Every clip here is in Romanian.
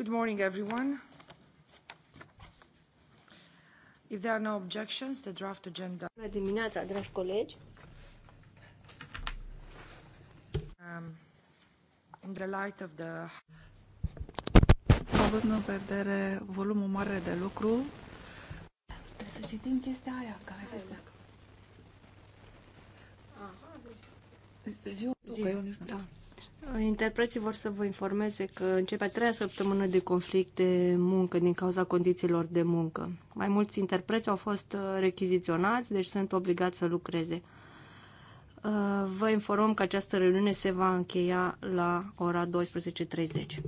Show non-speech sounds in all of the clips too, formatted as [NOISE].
Good morning, everyone. If there are no objections, the draft agenda. Bună dimineața, dragi colegi. Um, in the light of the având în vedere volumul mare de lucru, trebuie să citim chestia aia care este. Ziua, zi, păi eu nici nu știu. Da. Interpreții vor să vă informeze că începe a treia săptămână de conflict de muncă din cauza condițiilor de muncă. Mai mulți interpreți au fost uh, rechiziționați, deci sunt obligați să lucreze. Uh, vă informăm că această reuniune se va încheia la ora 12.30.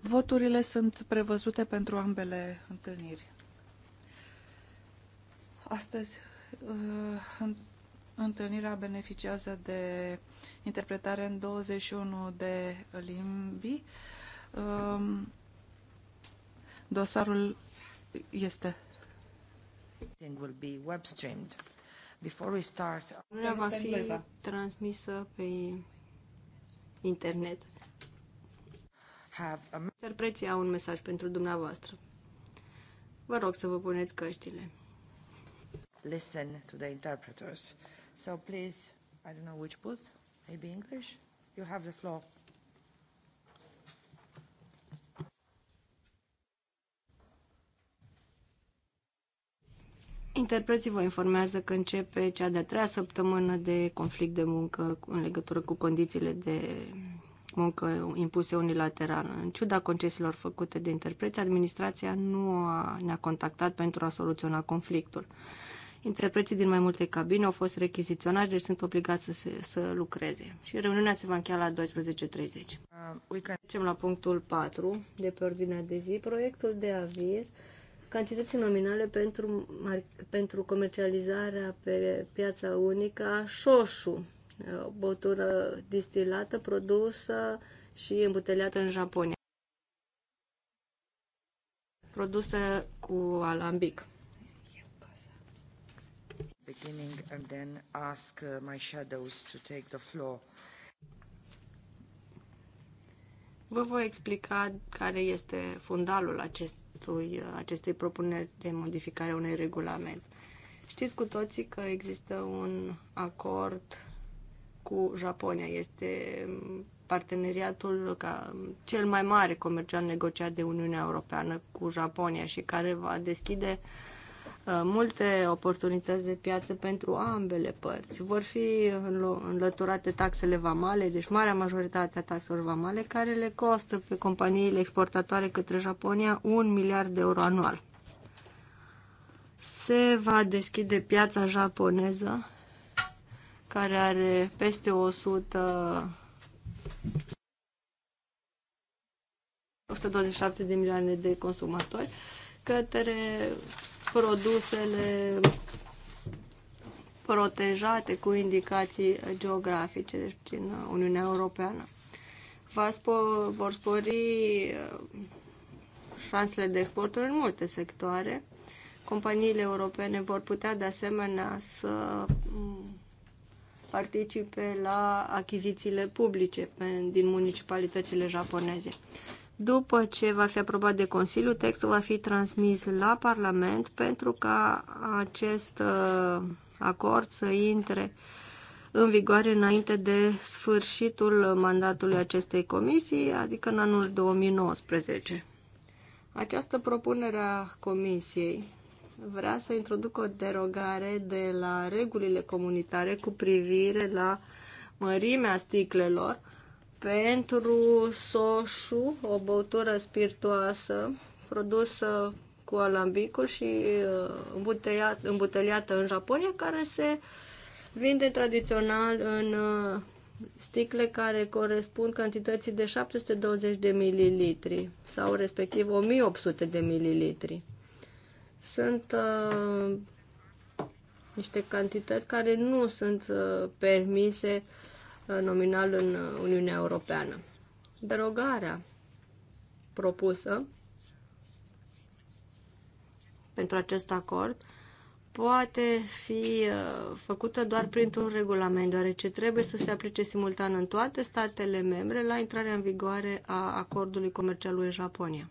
Voturile sunt prevăzute pentru ambele întâlniri. Astăzi, uh, Întâlnirea beneficiază de interpretare în 21 de limbi. Um, dosarul este. Will be web streamed. Before we start, va fi transmisă pe internet. Interpreții au un mesaj pentru dumneavoastră. Vă rog să vă puneți căștile. Listen to the interpreters. So please, I don't know which booth, maybe English? You have the floor. Interpreții vă informează că începe cea de-a treia săptămână de conflict de muncă în legătură cu condițiile de muncă impuse unilateral. În ciuda concesiilor făcute de interpreți, administrația nu a, ne-a contactat pentru a soluționa conflictul. Interpreții din mai multe cabine au fost rechiziționați, deci sunt obligați să, se, să lucreze. Și reuniunea se va încheia la 12.30. Uh, Trecem la punctul 4 de pe ordinea de zi, proiectul de aviz cantității nominale pentru, pentru comercializarea pe piața unică a șoșu, uh, băutură distilată, produsă și îmbuteliată în Japonia. Produsă cu alambic beginning and then ask uh, my shadows to take the floor. Vă voi explica care este fundalul acestui, acestei propuneri de modificare a unui regulament. Știți cu toții că există un acord cu Japonia. Este parteneriatul ca cel mai mare comercial negociat de Uniunea Europeană cu Japonia și care va deschide uh, Uh, multe oportunități de piață pentru ambele părți. Vor fi înlăturate taxele vamale, deci marea majoritate a taxelor vamale, care le costă pe companiile exportatoare către Japonia un miliard de euro anual. Se va deschide piața japoneză, care are peste 100 127 de milioane de consumatori către produsele protejate cu indicații geografice, deci din Uniunea Europeană. Va spo- vor spori uh, șansele de exporturi în multe sectoare. Companiile europene vor putea de asemenea să mm, participe la achizițiile publice din municipalitățile japoneze. După ce va fi aprobat de Consiliu, textul va fi transmis la Parlament pentru ca acest uh, acord să intre în vigoare înainte de sfârșitul mandatului acestei comisii, adică în anul 2019. Această propunere a comisiei vrea să introducă o derogare de la regulile comunitare cu privire la mărimea sticlelor pentru soșu, o băutură spiritoasă produsă cu alambicul și uh, îmbuteliat, îmbuteliată în Japonia, care se vinde tradițional în uh, sticle care corespund cantității de 720 de mililitri sau respectiv 1800 de mililitri. Sunt uh, niște cantități care nu sunt uh, permise uh, Uh, nominal în uh, Uniunea Europeană. Derogarea propusă pentru acest acord poate fi uh, făcută doar printr-un regulament, deoarece trebuie să se aplice simultan în toate statele membre la intrarea în vigoare a acordului comercial UE Japonia.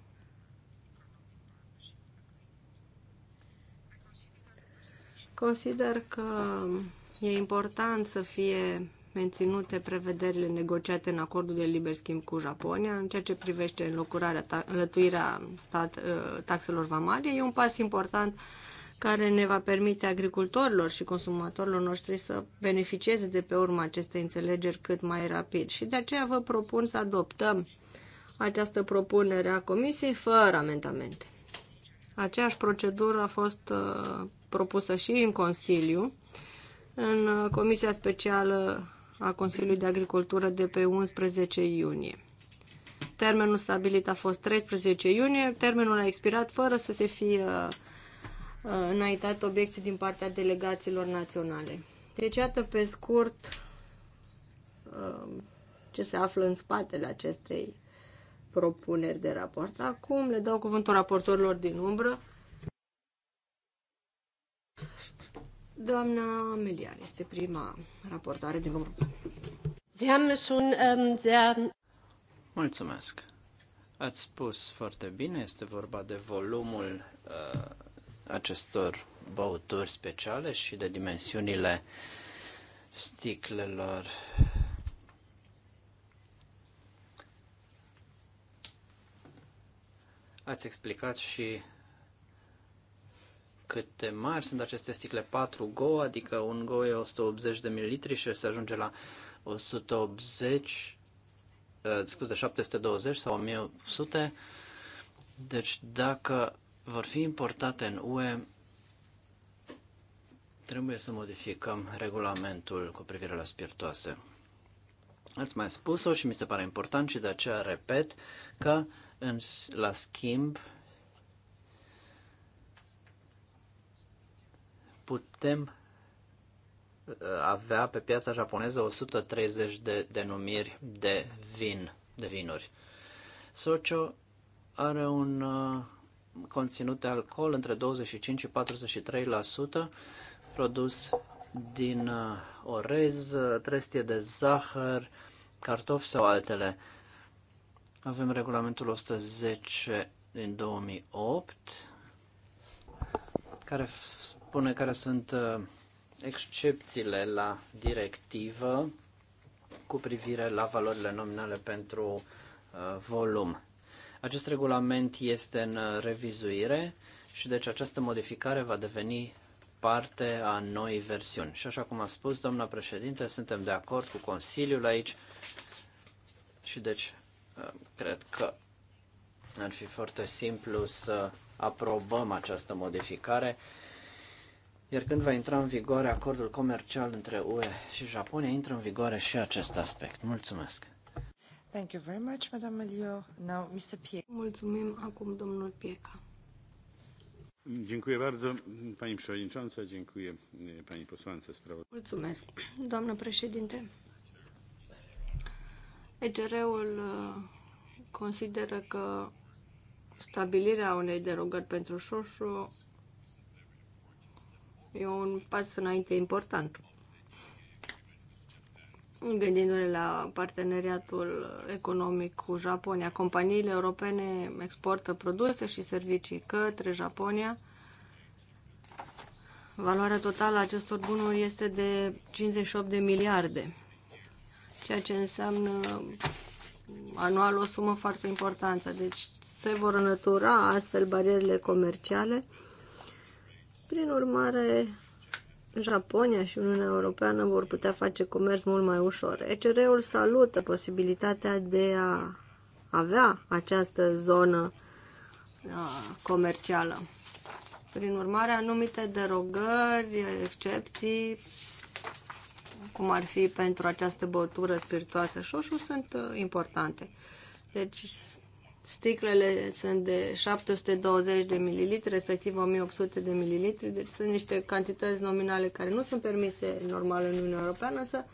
Consider că e important să fie menținute prevederile negociate în acordul de liber schimb cu Japonia în ceea ce privește înlocurarea, ta, înlătuirea stat, uh, taxelor vamale. E un pas important care ne va permite agricultorilor și consumatorilor noștri să beneficieze de pe urma acestei înțelegeri cât mai rapid. Și de aceea vă propun să adoptăm această propunere a Comisiei fără amendamente. Aceeași procedură a fost uh, propusă și în Consiliu, în uh, Comisia Specială a Consiliului de Agricultură de pe 11 iunie. Termenul stabilit a fost 13 iunie, termenul a expirat fără să se fie uh, uh, înaintat obiecții din partea delegațiilor naționale. Deci, iată pe scurt uh, ce se află în spatele acestei propuneri de raport. Acum le dau cuvântul raportorilor din umbră. Doamna Melian este prima raportare din urmă. Ähm, Mulțumesc. Ați spus foarte bine, este vorba de volumul uh, acestor băuturi speciale și de dimensiunile sticlelor. Ați explicat și cât de mari sunt aceste sticle 4 Go, adică un Go e 180 de mililitri și se ajunge la 180, uh, scuze, 720 sau 1100. Deci dacă vor fi importate în UE, trebuie să modificăm regulamentul cu privire la spiritoase. Ați mai spus-o și mi se pare important și de aceea repet că în, la schimb putem uh, avea pe piața japoneză 130 de denumiri de vin, de vinuri. Socio are un uh, conținut de alcool între 25 și 43%, produs din uh, orez, trestie de zahăr, cartofi sau altele. Avem regulamentul 110 din 2008 care spune care sunt uh, excepțiile la directivă cu privire la valorile nominale pentru uh, volum. Acest regulament este în uh, revizuire și deci această modificare va deveni parte a noii versiuni. Și așa cum a spus doamna președinte, suntem de acord cu Consiliul aici și deci cred că ar fi foarte simplu să aprobăm această modificare, iar când va intra în vigoare acordul comercial între UE și Japonia, intră în vigoare și acest aspect. Mulțumesc! Thank you very much, Madame Elio. Now, Mr. Pieca. Mulțumim acum, domnul Pieca. Dziękuję bardzo, pani przewodnicząca, dziękuję pani posłance sprawozdawcy. Mulțumesc, doamnă președinte. ECR-ul consideră că Stabilirea unei derogări pentru șoșu e un pas înainte important. Gândindu-ne la parteneriatul economic cu Japonia, companiile europene exportă produse și servicii către Japonia. Valoarea totală a acestor bunuri este de 58 de miliarde, ceea ce înseamnă anual o sumă foarte importantă. Deci se vor înătura astfel barierele comerciale. Prin urmare, Japonia și Uniunea Europeană vor putea face comerț mult mai ușor. ECR-ul salută posibilitatea de a avea această zonă comercială. Prin urmare, anumite derogări, excepții, cum ar fi pentru această băutură spiritoasă șoșu, sunt importante. Deci Sticlele sunt de 720 de mililitri, respectiv 1800 de mililitri, deci sunt niște cantități nominale care nu sunt permise normal în Uniunea Europeană, însă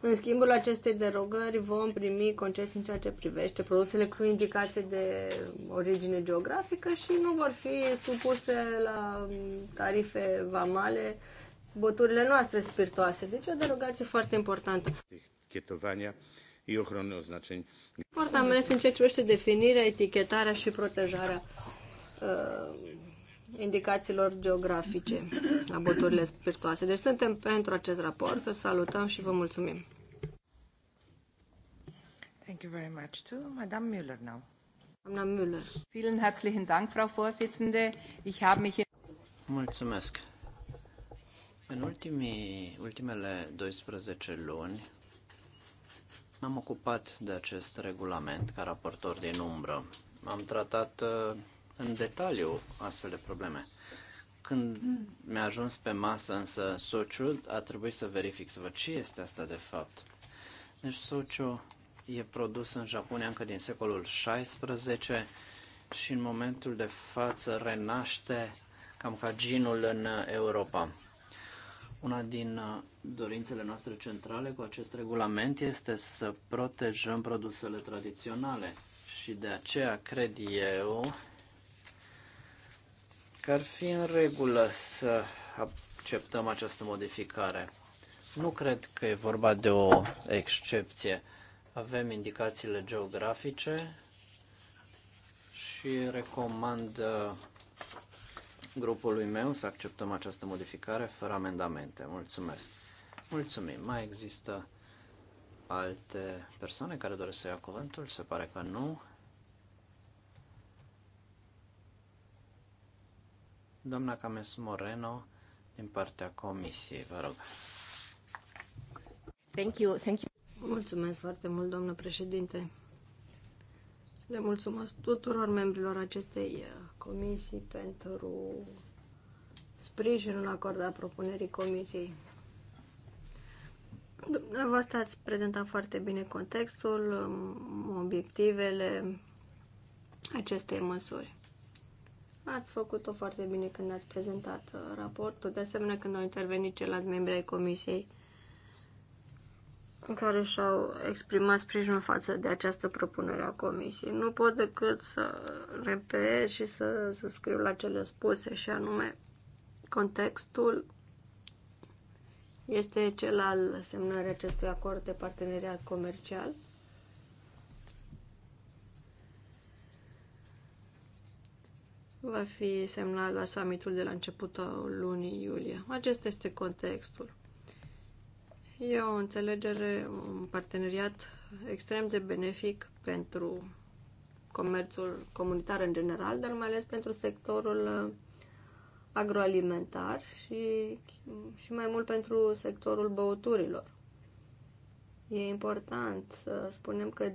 în schimbul acestei derogări vom primi concesii în ceea ce privește produsele cu indicație de origine geografică și nu vor fi supuse la tarife vamale băturile noastre spiritoase. Deci o derogație foarte importantă i ochrony oznaczeń. Foarte ales în ceea ce privește definirea, etichetarea și protejarea uh, indicațiilor geografice la băuturile spiritoase. Deci suntem pentru acest raport, îl salutăm și vă mulțumim. Thank you very much to Madame Müller now. Doamna Müller. Vielen herzlichen Dank, Frau Vorsitzende. Ich habe mich Mulțumesc. În ultimii, ultimele 12 luni M-am ocupat de acest regulament ca raportor din umbră. Am tratat uh, în detaliu astfel de probleme. Când mi-a ajuns pe masă însă sociul, a trebuit să verific, să văd ce este asta de fapt. Deci sociu e produs în Japonia încă din secolul XVI și în momentul de față renaște cam ca ginul în Europa. Una din uh, dorințele noastre centrale cu acest regulament este să protejăm produsele tradiționale și de aceea cred eu că ar fi în regulă să acceptăm această modificare. Nu cred că e vorba de o excepție. Avem indicațiile geografice și recomand uh, grupului meu să acceptăm această modificare fără amendamente. Mulțumesc. Mulțumim. Mai există alte persoane care doresc să ia cuvântul? Se pare că nu. Doamna Cames Moreno, din partea Comisiei, vă rog. Thank you, thank you. Mulțumesc foarte mult, doamnă președinte. Le mulțumesc tuturor membrilor acestei uh, comisii pentru sprijinul acordat propunerii comisiei. Dumneavoastră ați prezentat foarte bine contextul, um, obiectivele acestei măsuri. Ați făcut-o foarte bine când ați prezentat uh, raportul, de asemenea când au intervenit ceilalți membri ai comisiei în care și-au exprimat sprijinul față de această propunere a Comisiei. Nu pot decât să repet și să subscriu la cele spuse și anume contextul este cel al semnării acestui acord de parteneriat comercial. Va fi semnat la summitul de la începutul lunii iulie. Acesta este contextul. E o înțelegere, un parteneriat extrem de benefic pentru comerțul comunitar în general, dar mai ales pentru sectorul uh, agroalimentar și, și mai mult pentru sectorul băuturilor. E important să spunem că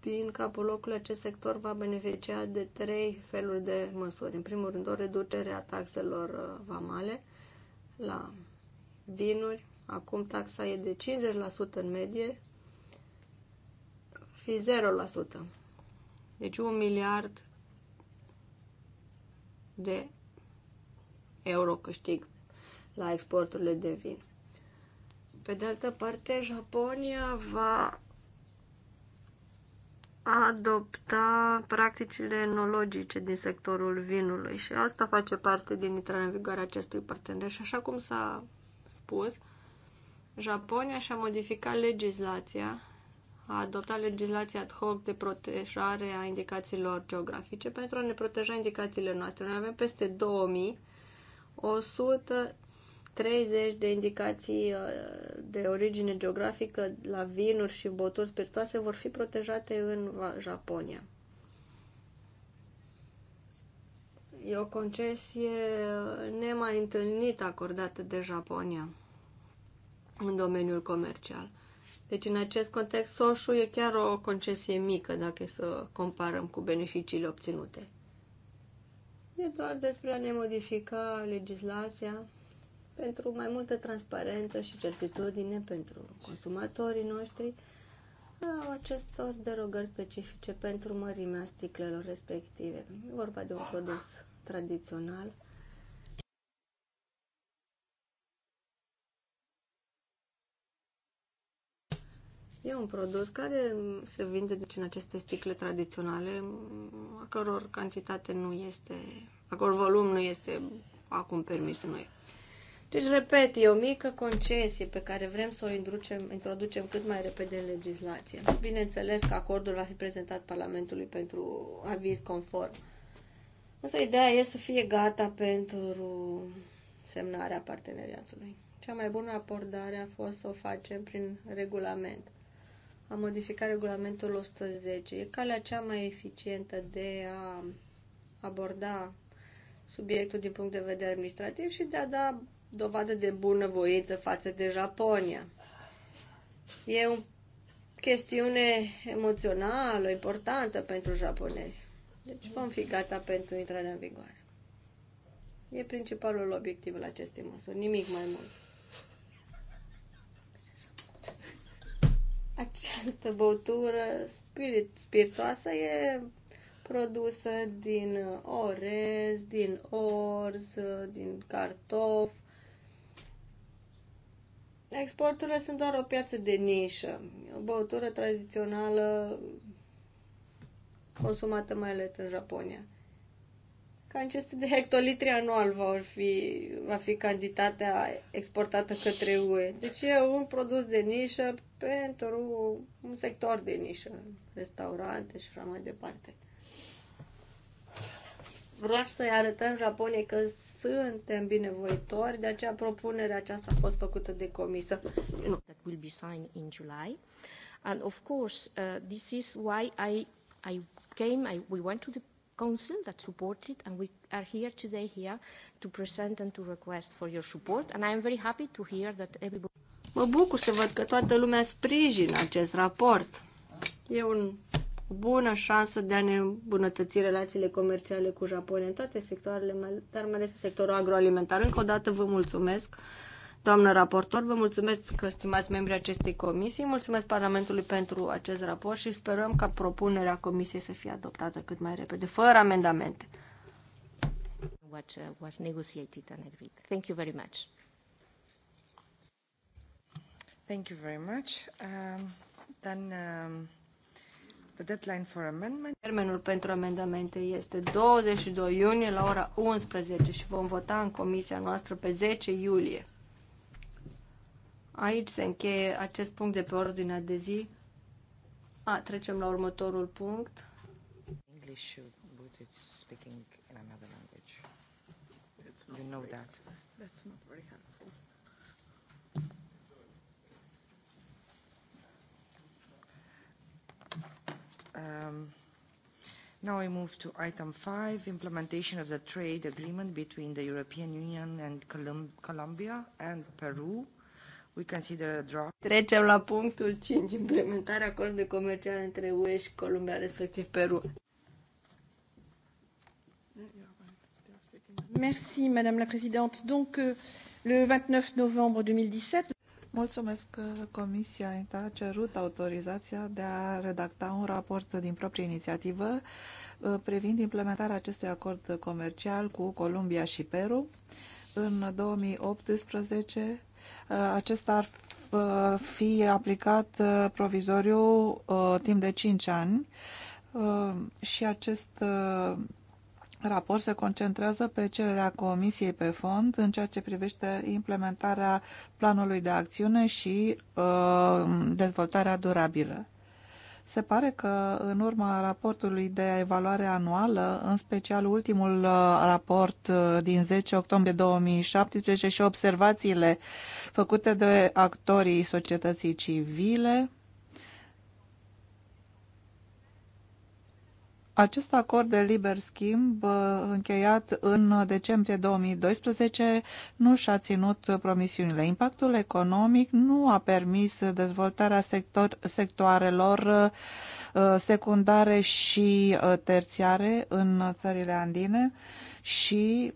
din capul locului acest sector va beneficia de trei feluri de măsuri. În primul rând, o reducere a taxelor uh, vamale la vinuri, Acum taxa e de 50% în medie, fi 0%. Deci un miliard de euro câștig la exporturile de vin. Pe de altă parte, Japonia va adopta practicile enologice din sectorul vinului și asta face parte din intrarea în vigoare acestui partener. Și așa cum s-a spus, Japonia și-a modificat legislația, a adoptat legislația ad hoc de protejare a indicațiilor geografice pentru a ne proteja indicațiile noastre. Noi avem peste 2130 de indicații uh, de origine geografică la vinuri și boturi spiritoase vor fi protejate în Japonia. E o concesie nemai întâlnită acordată de Japonia în domeniul comercial. Deci, în acest context, Soșu e chiar o concesie mică dacă e să comparăm cu beneficiile obținute. E doar despre a ne modifica legislația pentru mai multă transparență și certitudine pentru consumatorii noștri a acestor derogări specifice pentru mărimea sticlelor respective. E vorba de un produs tradițional E un produs care se vinde deci, în aceste sticle tradiționale, a căror cantitate nu este, a căror volum nu este acum permis în noi. Deci, repet, e o mică concesie pe care vrem să o introducem, introducem cât mai repede în legislație. Bineînțeles că acordul va fi prezentat Parlamentului pentru aviz conform. Însă ideea e să fie gata pentru semnarea parteneriatului. Cea mai bună abordare a fost să o facem prin regulament a modifica regulamentul 110. E calea cea mai eficientă de a aborda subiectul din punct de vedere administrativ și de a da dovadă de bunăvoință față de Japonia. E o chestiune emoțională, importantă pentru japonezi. Deci vom fi gata pentru intrarea în vigoare. E principalul obiectiv al acestei măsuri, nimic mai mult. Această băutură spirit, spiritoasă e produsă din uh, orez, din orz, uh, din cartof. Exporturile sunt doar o piață de nișă, o băutură tradițională consumată mai ales în Japonia. Cam 500 de hectolitri anual va fi, va fi cantitatea exportată către UE. Deci e un produs de nișă pentru un sector de nișă, restaurante și așa mai departe. Vreau să-i arătăm Japoniei că suntem binevoitori, de aceea propunerea aceasta a fost făcută de comisă. That will be signed in July. And of course, uh, this is why I, I came, I, we went to the Council that supports it, and we are here today here to present and to request for your support. And I am very happy to hear that everybody... Mă bucur să văd că toată lumea sprijină acest raport. E un, o bună șansă de a ne îmbunătăți relațiile comerciale cu Japonia în toate sectoarele, dar mai ales în sectorul agroalimentar. Încă o dată vă mulțumesc. Doamnă raportor, vă mulțumesc că stimați membrii acestei comisii, mulțumesc Parlamentului pentru acest raport și sperăm ca propunerea comisiei să fie adoptată cât mai repede, fără amendamente. What uh, was negotiated and agreed. Thank you very much. Thank you very much. Um, then um, the deadline for amendment. Termenul pentru amendamente este 22 iunie la ora 11 și vom vota în comisia noastră pe 10 iulie. Aici se încheie acest punct de pe ordinea de zi. A, trecem la următorul punct. English should, but it's speaking in another language. It's not you know very, that. That's not very helpful. Um, now I move to item five: implementation of the trade agreement between the European Union and Colum Colombia and Peru Trecem la punctul 5, implementarea acordului comercial între UE și Columbia, respectiv Peru. Merci, Madame la Présidente. Donc, euh, le 29 novembre 2017, Mulțumesc că Comisia a cerut autorizația de a redacta un raport din proprie inițiativă uh, privind implementarea acestui acord comercial cu Columbia și Peru. În 2018, Uh, acesta ar uh, fi aplicat uh, provizoriu timp de 5 ani și acest raport se concentrează pe cererea Comisiei pe fond în ceea ce privește implementarea planului de acțiune și dezvoltarea durabilă. Se pare că în urma raportului de evaluare anuală, în special ultimul uh, raport uh, din 10 octombrie 2017 și observațiile făcute de actorii societății civile, Acest acord de liber schimb uh, încheiat în decembrie 2012 nu și-a ținut promisiunile. Impactul economic nu a permis dezvoltarea sector, sectoarelor uh, secundare și uh, terțiare în țările andine și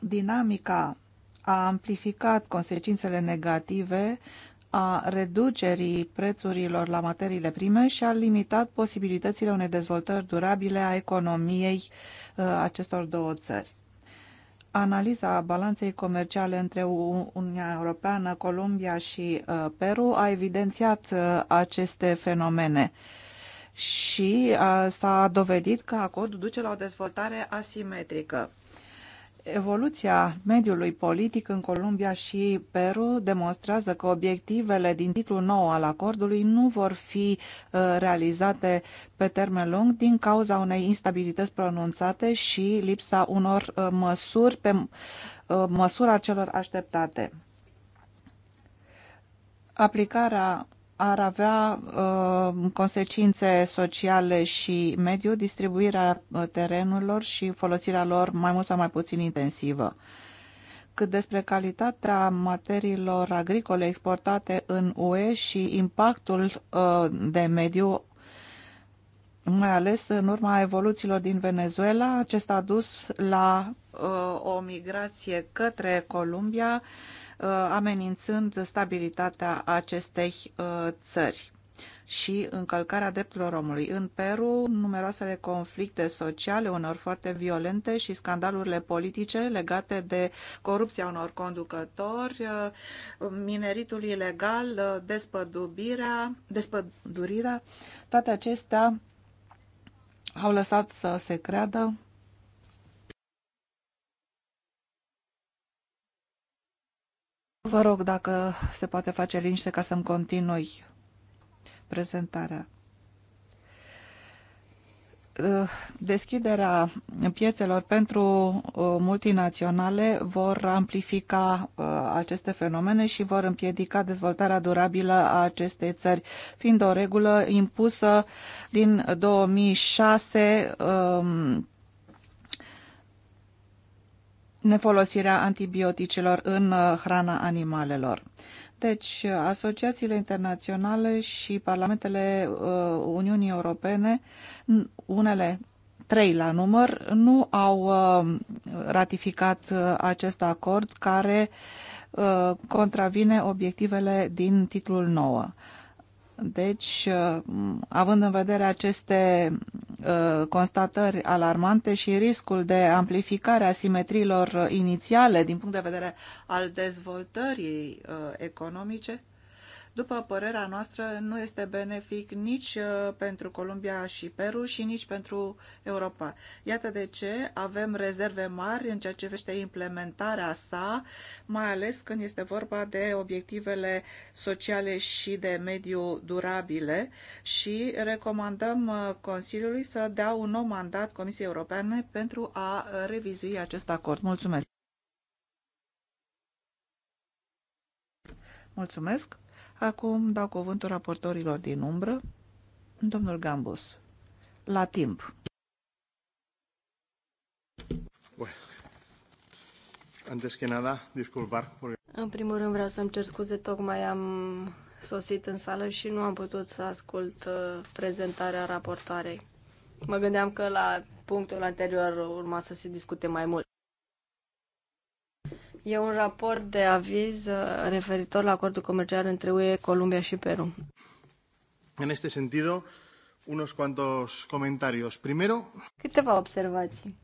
dinamica a amplificat consecințele negative a reducerii prețurilor la materiile prime și a limitat posibilitățile unei dezvoltări durabile a economiei uh, acestor două țări. Analiza balanței comerciale între Uniunea Europeană, Columbia și uh, Peru a evidențiat uh, aceste fenomene și s-a dovedit că acordul duce la o dezvoltare asimetrică Evoluția mediului politic în Columbia și Peru demonstrează că obiectivele din titlul nou al acordului nu vor fi uh, realizate pe termen lung din cauza unei instabilități pronunțate și lipsa unor uh, măsuri pe uh, măsura celor așteptate. Aplicarea ar avea uh, consecințe sociale și mediu, distribuirea uh, terenurilor și folosirea lor mai mult sau mai puțin intensivă. Cât despre calitatea materiilor agricole exportate în UE și impactul uh, de mediu, mai ales în urma evoluțiilor din Venezuela, acesta a dus la uh, o migrație către Columbia, uh, Uh, amenințând stabilitatea acestei uh, țări și încălcarea drepturilor omului. În Peru, numeroasele conflicte sociale, unor foarte violente și scandalurile politice legate de corupția unor conducători, uh, mineritul ilegal, despădubirea, despădurirea, toate acestea au lăsat să se creadă Vă rog dacă se poate face liniște ca să-mi continui prezentarea. Uh, deschiderea piețelor pentru uh, multinaționale vor amplifica uh, aceste fenomene și vor împiedica dezvoltarea durabilă a acestei țări, fiind o regulă impusă din 2006 nefolosirea antibioticelor în uh, hrana animalelor. Deci, uh, asociațiile internaționale și parlamentele uh, Uniunii Europene, unele trei la număr, nu au ratificat acest acord care contravine obiectivele din titlul 9. Deci, uh, având în vedere aceste uh, constatări alarmante și riscul de amplificare a simetriilor uh, inițiale din punct de vedere al dezvoltării economice, după părerea noastră, nu este benefic nici uh, pentru Columbia și Peru și nici pentru Europa. Iată de ce avem rezerve mari în ceea ce vește implementarea sa, mai ales când este vorba de obiectivele sociale și de mediu durabile și recomandăm uh, Consiliului să dea un nou mandat Comisiei Europene pentru a uh, revizui acest acord. Mulțumesc! Mulțumesc! Acum dau cuvântul raportorilor din umbră. Domnul Gambus, la timp. Antes nada, În primul rând vreau să-mi cer scuze, tocmai am sosit în sală și nu am putut să ascult uh, prezentarea raportoarei. Mă gândeam că la punctul anterior urma să se discute mai mult. E un raport de aviz uh, referitor la acordul comercial între UE, Columbia și Peru. În acest sentido, unos cuantos comentarios. Primero... Câteva observații.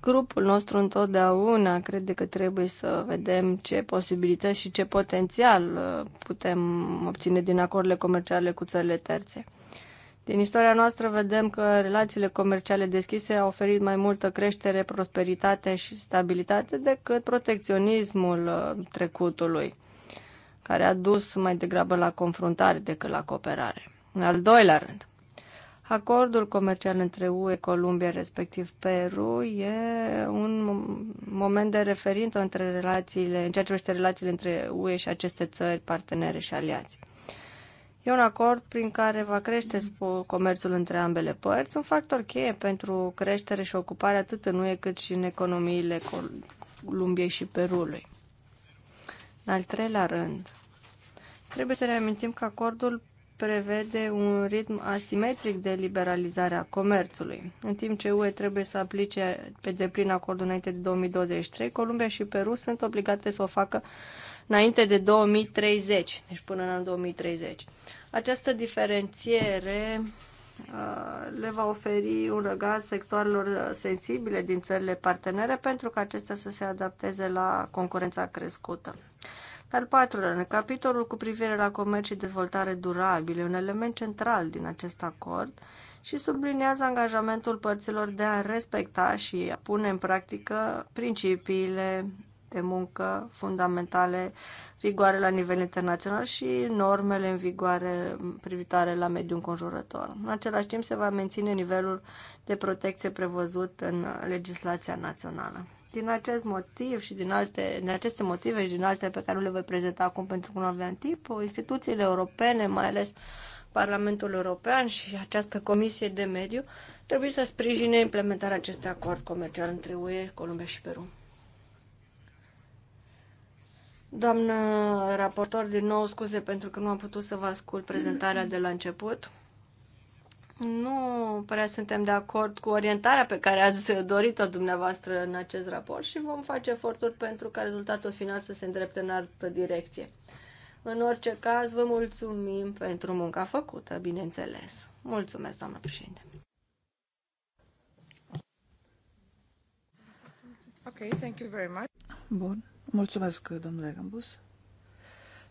Grupul nostru întotdeauna crede că trebuie să vedem ce posibilități și ce potențial uh, putem obține din acordurile comerciale cu țările terțe. Din istoria noastră vedem că relațiile comerciale deschise au oferit mai multă creștere, prosperitate și stabilitate decât protecționismul uh, trecutului, care a dus mai degrabă la confruntare decât la cooperare. În al doilea rând, acordul comercial între UE, Columbia, respectiv Peru, e un moment de referință între relațiile, în ceea ce privește relațiile între UE și aceste țări, partenere și aliați. E un acord prin care va crește comerțul între ambele părți, un factor cheie pentru creștere și ocupare atât în UE cât și în economiile Columbiei și Perului. În al treilea rând, trebuie să reamintim că acordul prevede un ritm asimetric de liberalizare a comerțului. În timp ce UE trebuie să aplice pe deplin acordul înainte de 2023, Columbia și Peru sunt obligate să o facă înainte de 2030, deci până în anul 2030. Această diferențiere uh, le va oferi un răgaz sectoarelor sensibile din țările partenere pentru ca acestea să se adapteze la concurența crescută. Al patrulea, în capitolul cu privire la comerț și dezvoltare durabile, un element central din acest acord și subliniază angajamentul părților de a respecta și a pune în practică principiile de muncă fundamentale, vigoare la nivel internațional și normele în vigoare privitoare la mediul înconjurător. În același timp se va menține nivelul de protecție prevăzut în legislația națională. Din acest motiv și din, alte, din aceste motive și din alte pe care nu le voi prezenta acum pentru că nu aveam timp, instituțiile europene, mai ales Parlamentul European și această Comisie de Mediu trebuie să sprijine implementarea acestui acord comercial între UE, Columbia și Peru. Doamnă raportor, din nou scuze pentru că nu am putut să vă ascult prezentarea de la început. Nu prea suntem de acord cu orientarea pe care ați dorit-o dumneavoastră în acest raport și vom face eforturi pentru ca rezultatul final să se îndrepte în altă direcție. În orice caz, vă mulțumim pentru munca făcută, bineînțeles. Mulțumesc, doamnă președinte. Ok, thank you very much. Bun. Mulțumesc, domnule Gambus.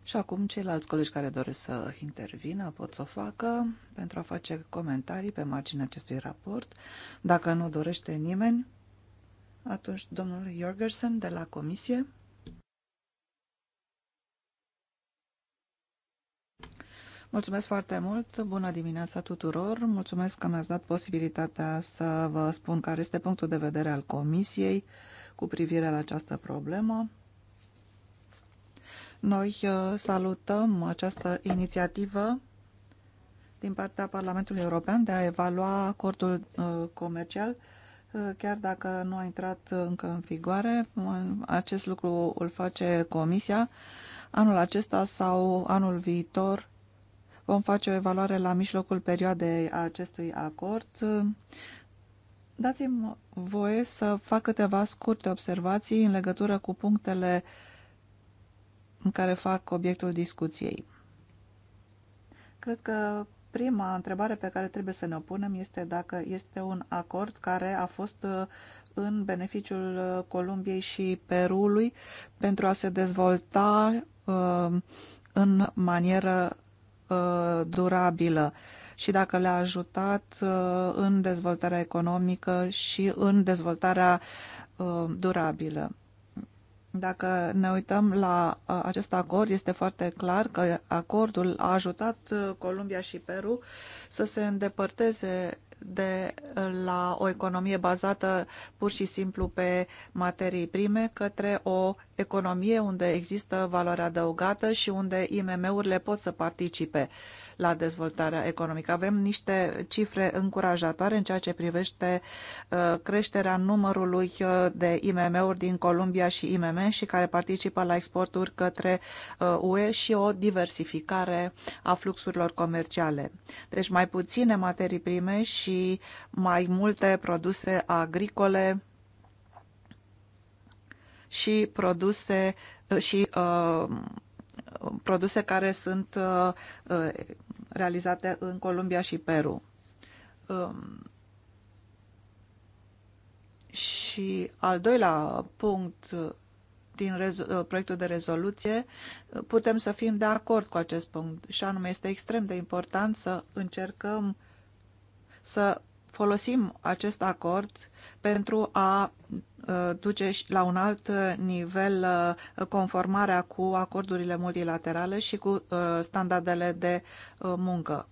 Și acum ceilalți colegi care doresc să intervină pot să o facă pentru a face comentarii pe marginea acestui raport. Dacă nu dorește nimeni, atunci domnul Jorgersen de la Comisie. Mulțumesc foarte mult, bună dimineața tuturor, mulțumesc că mi-ați dat posibilitatea să vă spun care este punctul de vedere al Comisiei cu privire la această problemă. Noi uh, salutăm această inițiativă din partea Parlamentului European de a evalua acordul uh, comercial, uh, chiar dacă nu a intrat încă în vigoare. Acest lucru îl face Comisia. Anul acesta sau anul viitor vom face o evaluare la mijlocul perioadei acestui acord. Dați-mi voie să fac câteva scurte observații în legătură cu punctele uh, care fac obiectul discuției. Cred că prima întrebare pe care trebuie să ne o punem este dacă este un acord care a fost uh, în beneficiul uh, Columbiei și Perului pentru a se dezvolta uh, în manieră durabilă și dacă le-a ajutat în dezvoltarea economică și în dezvoltarea durabilă. Dacă ne uităm la uh, acest acord, este foarte clar că acordul a ajutat uh, Columbia și Peru să se îndepărteze de uh, la o economie bazată pur și simplu pe materii prime către o economie unde există valoare adăugată și unde IMM-urile pot să participe la dezvoltarea economică. Avem niște cifre încurajatoare în ceea ce privește uh, creșterea numărului uh, de IMM-uri din Columbia și IMM și care participă la exporturi către UE uh, și o diversificare a fluxurilor comerciale. Deci mai puține materii prime și mai multe produse agricole și produse și uh, produse care sunt uh, realizate în Columbia și Peru. Um, și al doilea punct din uh, proiectul de rezoluție, uh, putem să fim de acord cu acest punct și anume este extrem de important să încercăm să folosim acest acord pentru a Uh, duce la un alt uh, nivel uh, conformarea cu acordurile multilaterale și cu standardele de muncă.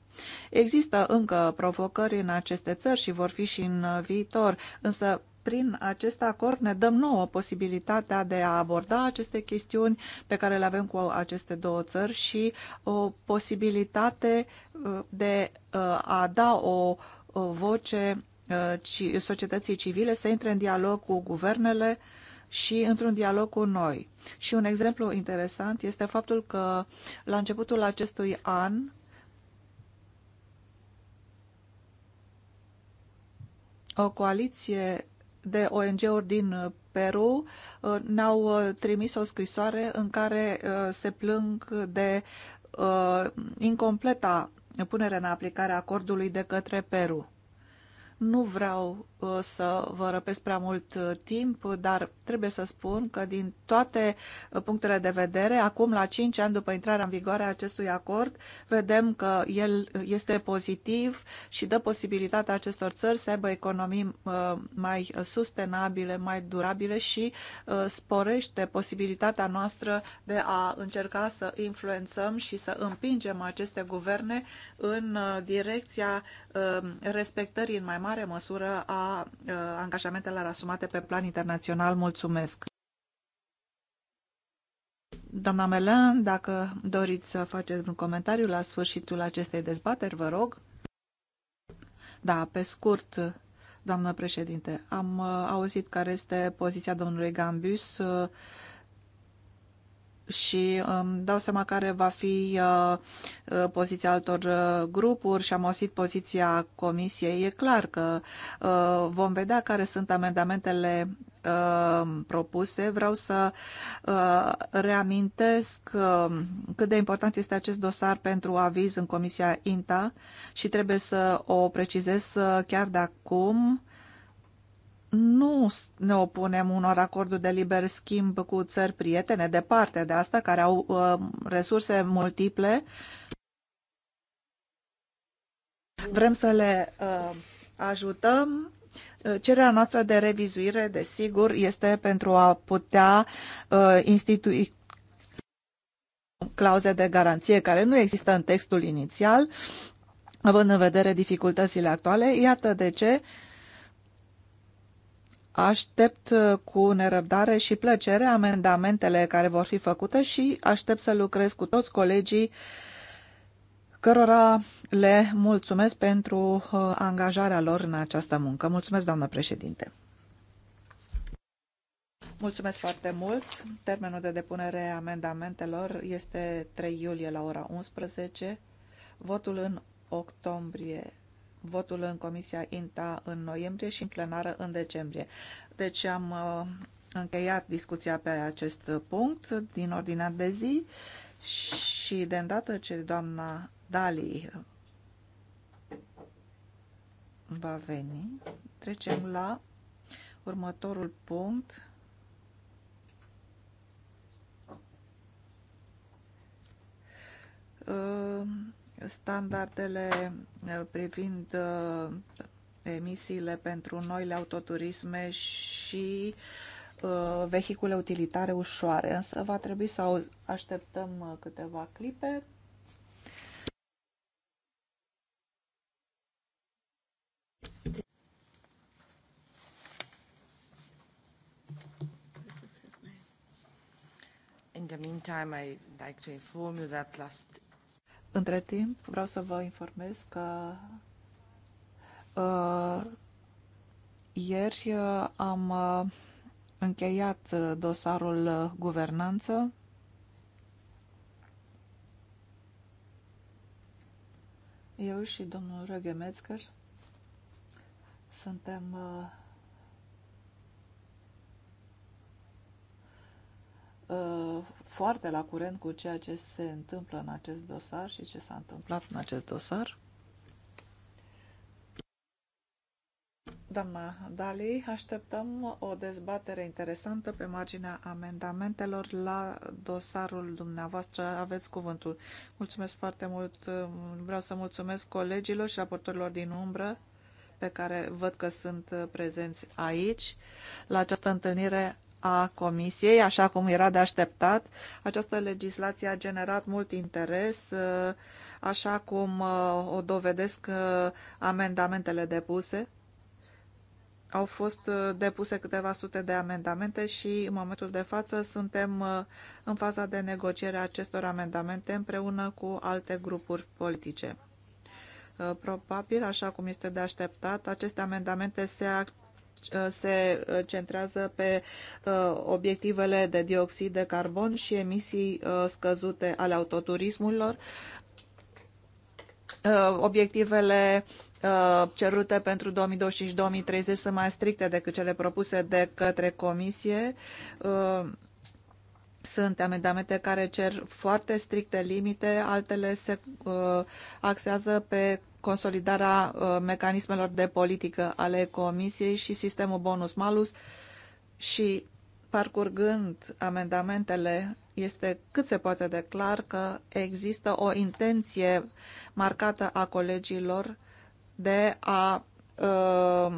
Există încă provocări în aceste țări și vor fi și în viitor, însă prin acest acord ne dăm nouă posibilitatea de a aborda aceste chestiuni pe care le avem cu aceste două țări și o posibilitate de a da o voce Uh, societății civile să intre în dialog cu guvernele și într-un dialog cu noi. Și un exemplu interesant este faptul că la începutul acestui an o coaliție de ONG-uri din Peru uh, ne-au uh, trimis o scrisoare în care se plâng de incompleta punere în aplicare a acordului de către Peru. Nu vreau să vă răpesc prea mult uh, timp, dar trebuie să spun că din toate uh, punctele de vedere, acum la 5 ani după intrarea în vigoare a acestui acord, vedem că el uh, este pozitiv și dă posibilitatea acestor țări să aibă economii mai sustenabile, mai durabile și sporește posibilitatea noastră de a încerca să influențăm și să împingem aceste guverne în direcția respectării în mai mare măsură a uh, angajamentele asumate pe plan internațional. Mulțumesc! Doamna Melan, dacă doriți să faceți un comentariu la sfârșitul acestei dezbateri, vă rog. Da, pe scurt, doamnă președinte, am uh, auzit care este poziția domnului Gambius. uh, și îmi um, dau seama care va fi uh, uh, poziția altor uh, grupuri și am auzit poziția comisiei. E clar că vom vedea care sunt amendamentele propuse. Vreau să reamintesc um, cât de important este acest dosar pentru aviz în Comisia INTA și trebuie să o precizez chiar de acum nu ne opunem unor acorduri de liber schimb cu țări prietene, departe de asta, care au uh, resurse multiple. Vrem să le uh, ajutăm. Uh, cererea noastră de revizuire, desigur, este pentru a putea uh, institui clauze de garanție care nu există în textul inițial, având în vedere dificultățile actuale. Iată de ce uh, Aștept uh, cu nerăbdare și plăcere amendamentele care vor fi făcute și aștept să lucrez cu toți colegii cărora le mulțumesc pentru uh, angajarea lor în această muncă. Mulțumesc, doamnă președinte! Mulțumesc foarte mult! Termenul de depunere a amendamentelor este 3 iulie la ora 11, votul în octombrie votul în Comisia INTA în noiembrie și în plenară în decembrie. Deci am uh, încheiat discuția pe acest punct din ordinea de zi și de îndată ce doamna Dali va veni, trecem la următorul punct uh standardele eh, privind eh, emisiile pentru noile autoturisme și eh, vehicule utilitare ușoare, însă va trebui să așteptăm câteva clipe. In the meantime, I'd like to inform you that last între timp, vreau să vă informez că uh, ieri uh, am uh, încheiat uh, dosarul uh, guvernanță. Eu și domnul Rögemetzger suntem uh, Uh, foarte la curent cu ceea ce se întâmplă în acest dosar și ce s-a întâmplat în acest dosar. Doamna Dali, așteptăm o dezbatere interesantă pe marginea amendamentelor la dosarul dumneavoastră. Aveți cuvântul. Mulțumesc foarte mult. Vreau să mulțumesc colegilor și raportorilor din umbră pe care văd că sunt prezenți aici la această întâlnire a Comisiei, așa cum era de așteptat. Această legislație a generat mult interes, uh, așa cum uh, o dovedesc uh, amendamentele depuse. Au fost depuse câteva sute de amendamente și în momentul de față suntem în faza de negociere a acestor amendamente împreună cu alte grupuri politice. Probabil, așa cum este de așteptat, aceste amendamente se Uh, se uh, centrează pe uh, obiectivele de dioxid de carbon și emisii scăzute ale autoturismurilor, obiectivele cerute pentru 2025-2030 sunt mai stricte decât cele propuse de către Comisie. Sunt amendamente care cer foarte stricte limite, altele se axează pe consolidarea uh, mecanismelor de politică ale Comisiei și sistemul bonus-malus și parcurgând amendamentele, este cât se poate de clar că există o intenție marcată a colegilor de a uh,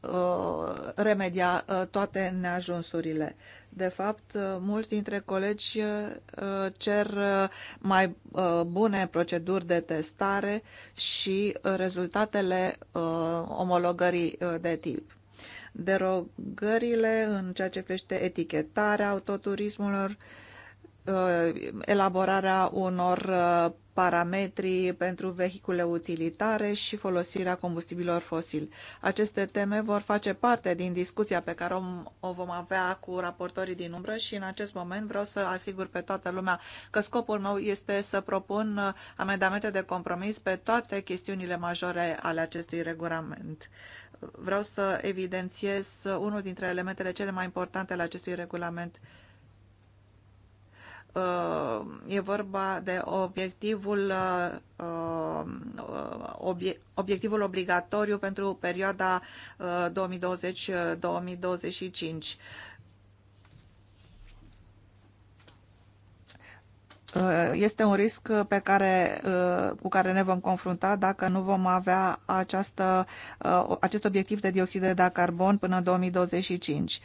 uh, remedia uh, toate neajunsurile. De fapt, uh, mulți dintre colegi uh, cer uh, mai bune proceduri de testare și rezultatele omologării de tip. Derogările în ceea ce privește etichetarea autoturismelor, Uh, elaborarea unor uh, parametri pentru vehicule utilitare și folosirea combustibilor fosili. Aceste teme vor face parte din discuția pe care o vom avea cu raportorii din umbră și în acest moment vreau să asigur pe toată lumea că scopul meu este să propun uh, amendamente de compromis pe toate chestiunile majore ale acestui regulament. Vreau să evidențiez unul dintre elementele cele mai importante ale acestui regulament Uh, e vorba de obiectivul, uh, uh, obiectivul obligatoriu pentru perioada 2020-2025. Este un risc pe care, cu care ne vom confrunta dacă nu vom avea această, acest obiectiv de dioxid de carbon până în 2025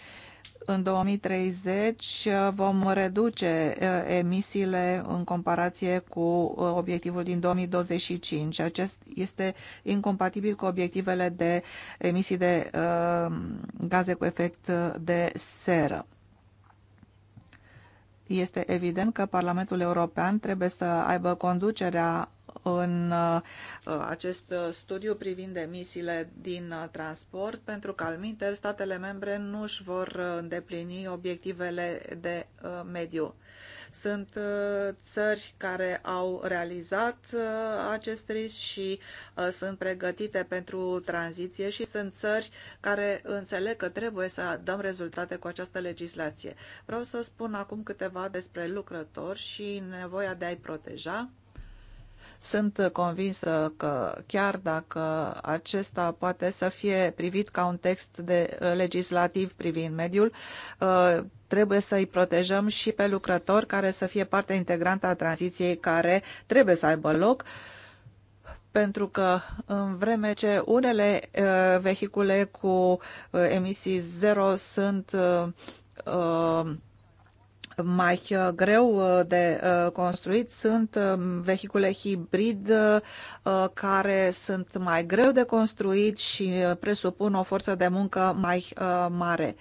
în 2030 vom reduce eh, emisiile în comparație cu eh, obiectivul din 2025. Acest este incompatibil cu obiectivele de emisii de eh, gaze cu efect de seră. Este evident că Parlamentul European trebuie să aibă conducerea în uh, acest studiu privind emisiile din uh, transport, pentru că alminter statele membre nu își vor uh, îndeplini obiectivele de mediu. Sunt țări care au realizat acest risc și sunt pregătite pentru tranziție și sunt țări care înțeleg că trebuie să dăm rezultate cu această legislație. Vreau să spun acum câteva despre lucrători și nevoia de a-i proteja sunt convinsă că chiar dacă acesta poate să fie privit ca un text de uh, legislativ privind mediul, uh, trebuie să îi protejăm și pe lucrători care să fie parte integrantă a tranziției care trebuie să aibă loc pentru că în vreme ce unele uh, vehicule cu emisii zero sunt mai uh, greu uh, de uh, construit sunt vehicule hibrid care sunt mai greu de construit și presupun o forță de muncă mai mare.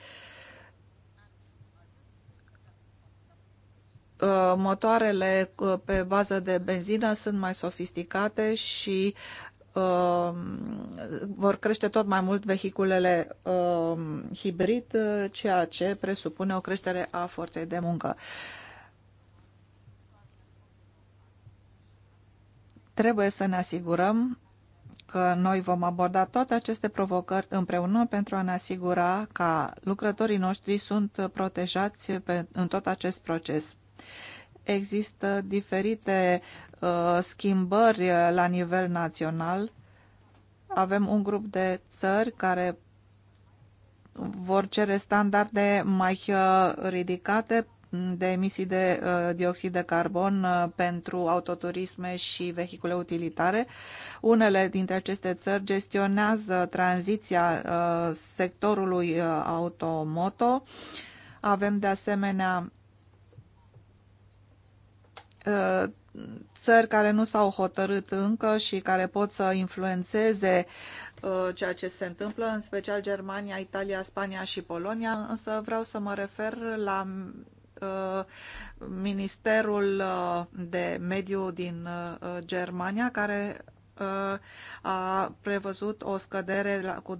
motoarele pe bază de benzină sunt mai sofisticate și Um, vor crește tot mai mult vehiculele uh, hibrid, ceea ce presupune o creștere a forței de muncă. Trebuie să ne asigurăm că noi vom aborda toate aceste provocări împreună pentru a ne asigura că lucrătorii noștri sunt protejați pe, în tot acest proces. Există diferite Uh, schimbări uh, la nivel național. Avem un grup de țări care vor cere standarde mai uh, ridicate de emisii de dioxid de carbon pentru autoturisme și vehicule utilitare. Unele dintre aceste țări gestionează tranziția sectorului automoto. Avem de asemenea țări care nu s-au hotărât încă și care pot să influențeze uh, ceea ce se întâmplă, în special Germania, Italia, Spania și Polonia, însă vreau să mă refer la uh, Ministerul uh, de Mediu din Germania, care a prevăzut o scădere cu 25%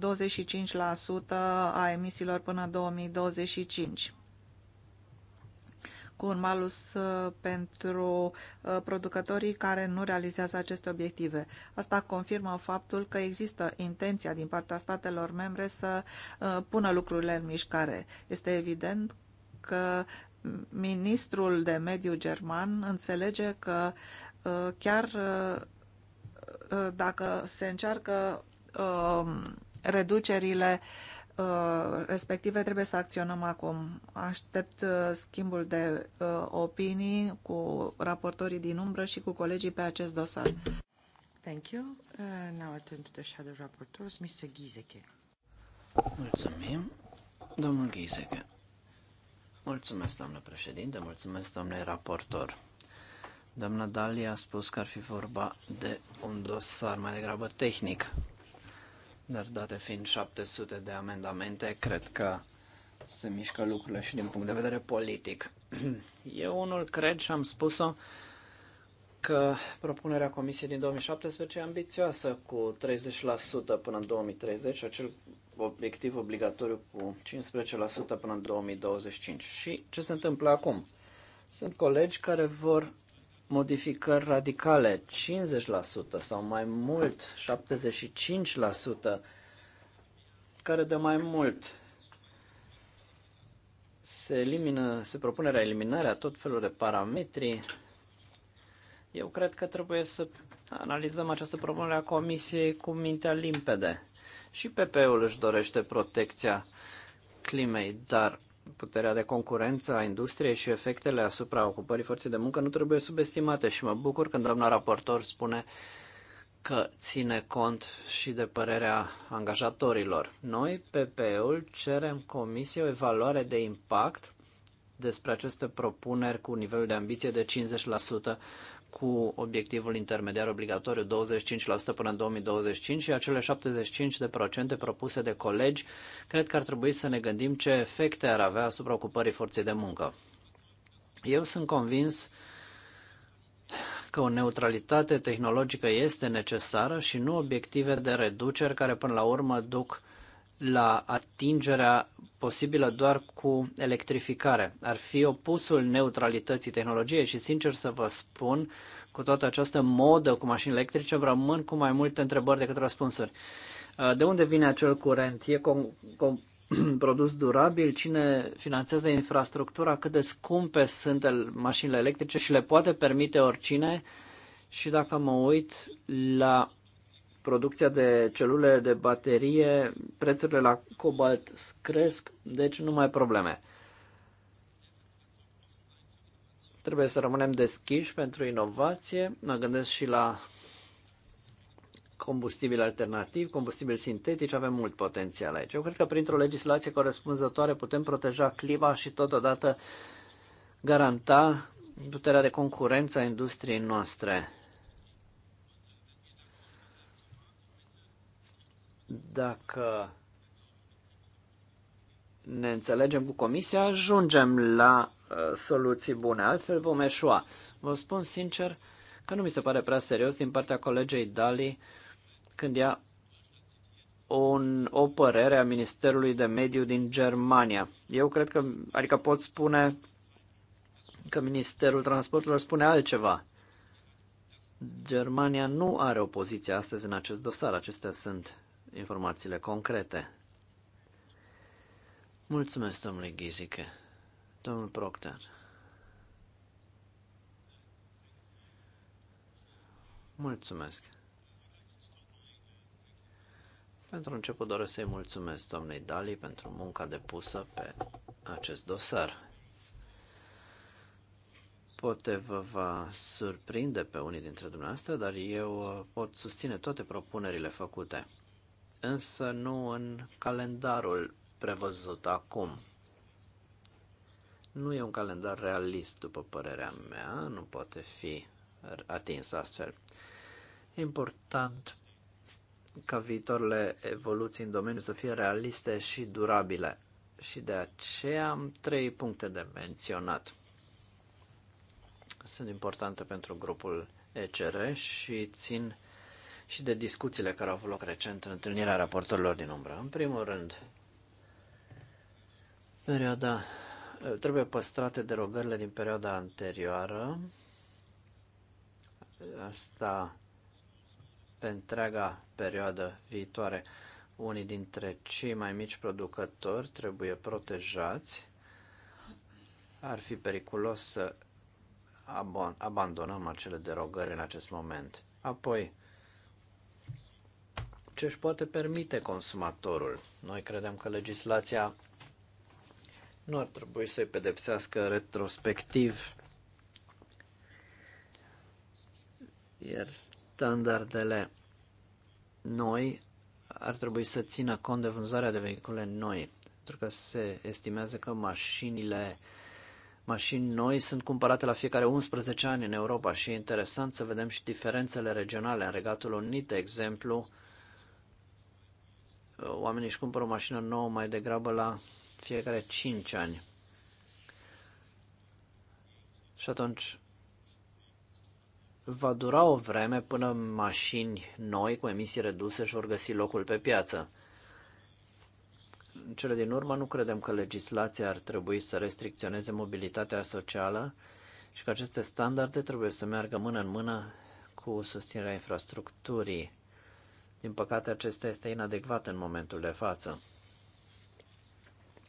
a emisiilor până 2025 cu un malus uh, pentru uh, producătorii care nu realizează aceste obiective. Asta confirmă faptul că există intenția din partea statelor membre să uh, pună lucrurile în mișcare. Este evident că ministrul de mediu german înțelege că chiar dacă se încearcă reducerile uh, Uh, respective trebuie să acționăm acum. Aștept uh, schimbul de uh, opinii cu raportorii din umbră și cu colegii pe acest dosar. Thank you. Uh, now I turn to the shadow rapporteurs, Mr. Ghizeche. Mulțumim, domnul Ghizeche. Mulțumesc, doamnă președinte, mulțumesc, domnule raportor. Doamna Dalia a spus că ar fi vorba de un dosar mai degrabă tehnic dar date fiind 700 de amendamente, cred că se mișcă lucrurile și din punct de vedere politic. [CLEARS THROAT] Eu unul cred și am spus-o că propunerea Comisiei din 2017 e ambițioasă cu 30% până în 2030, acel obiectiv obligatoriu cu 15% până în 2025. Și ce se întâmplă acum? Sunt colegi care vor modificări radicale, 50% sau mai mult, 75%, care de mai mult se elimină, se propune eliminarea tot felul de parametri. Eu cred că trebuie să analizăm această propunere a Comisiei cu mintea limpede. Și PP-ul își dorește protecția climei, dar puterea de concurență a industriei și efectele asupra ocupării forței de muncă nu trebuie subestimate și mă bucur când doamna raportor spune că ține cont și de părerea angajatorilor. Noi, ppe ul cerem Comisiei o evaluare de impact despre aceste propuneri cu nivel de ambiție de 50% cu obiectivul intermediar obligatoriu 25% până în 2025 și acele 75% propuse de colegi, cred că ar trebui să ne gândim ce efecte ar avea asupra ocupării forței de muncă. Eu sunt convins că o neutralitate tehnologică este necesară și nu obiective de reduceri care până la urmă duc la atingerea posibilă doar cu electrificare. Ar fi opusul neutralității tehnologiei și, sincer să vă spun, cu toată această modă cu mașini electrice, rămân cu mai multe întrebări decât răspunsuri. Uh, de unde vine acel curent? E com- com- [CLEARS THROAT] produs durabil? Cine finanțează infrastructura? Cât de scumpe sunt mașinile electrice și le poate permite oricine? Și dacă mă uit la producția de celule de baterie, prețurile la cobalt cresc, deci nu mai probleme. Trebuie să rămânem deschiși pentru inovație. Mă gândesc și la combustibil alternativ, combustibil sintetici, avem mult potențial aici. Eu cred că printr-o legislație corespunzătoare putem proteja clima și totodată garanta puterea de concurență a industriei noastre. Dacă ne înțelegem cu comisia, ajungem la uh, soluții bune, altfel vom eșua. Vă spun sincer că nu mi se pare prea serios din partea colegei Dali când ea un, o părere a Ministerului de Mediu din Germania. Eu cred că, adică pot spune că Ministerul Transporturilor spune altceva. Germania nu are o poziție astăzi în acest dosar. Acestea sunt informațiile concrete. Mulțumesc, domnule Ghizică. Domnul Proctor. Mulțumesc. Pentru început doresc să-i mulțumesc domnei Dali pentru munca depusă pe acest dosar. Poate vă va surprinde pe unii dintre dumneavoastră, dar eu pot susține toate propunerile făcute însă nu în calendarul prevăzut acum. Nu e un calendar realist, după părerea mea, nu poate fi atins astfel. E important ca viitoarele evoluții în domeniu să fie realiste și durabile și de aceea am trei puncte de menționat. Sunt importante pentru grupul ECR și țin și de discuțiile care au avut loc recent în întâlnirea raportorilor din umbră. În primul rând, perioada trebuie păstrate derogările din perioada anterioară. Asta pe întreaga perioadă viitoare. Unii dintre cei mai mici producători trebuie protejați. Ar fi periculos să abandonăm acele derogări în acest moment. Apoi, ce își poate permite consumatorul. Noi credem că legislația nu ar trebui să-i pedepsească retrospectiv, iar standardele noi ar trebui să țină cont de vânzarea de vehicule noi, pentru că se estimează că mașinile mașini noi sunt cumpărate la fiecare 11 ani în Europa și e interesant să vedem și diferențele regionale. În Regatul Unit, de exemplu, Uh, oamenii își cumpără o mașină nouă mai degrabă la fiecare 5 ani. Și atunci va dura o vreme până mașini noi cu emisii reduse și vor găsi locul pe piață. În cele din urmă nu credem că legislația ar trebui să restricționeze mobilitatea socială și că aceste standarde trebuie să meargă mână în mână cu susținerea infrastructurii din păcate, acesta este inadecvat în momentul de față.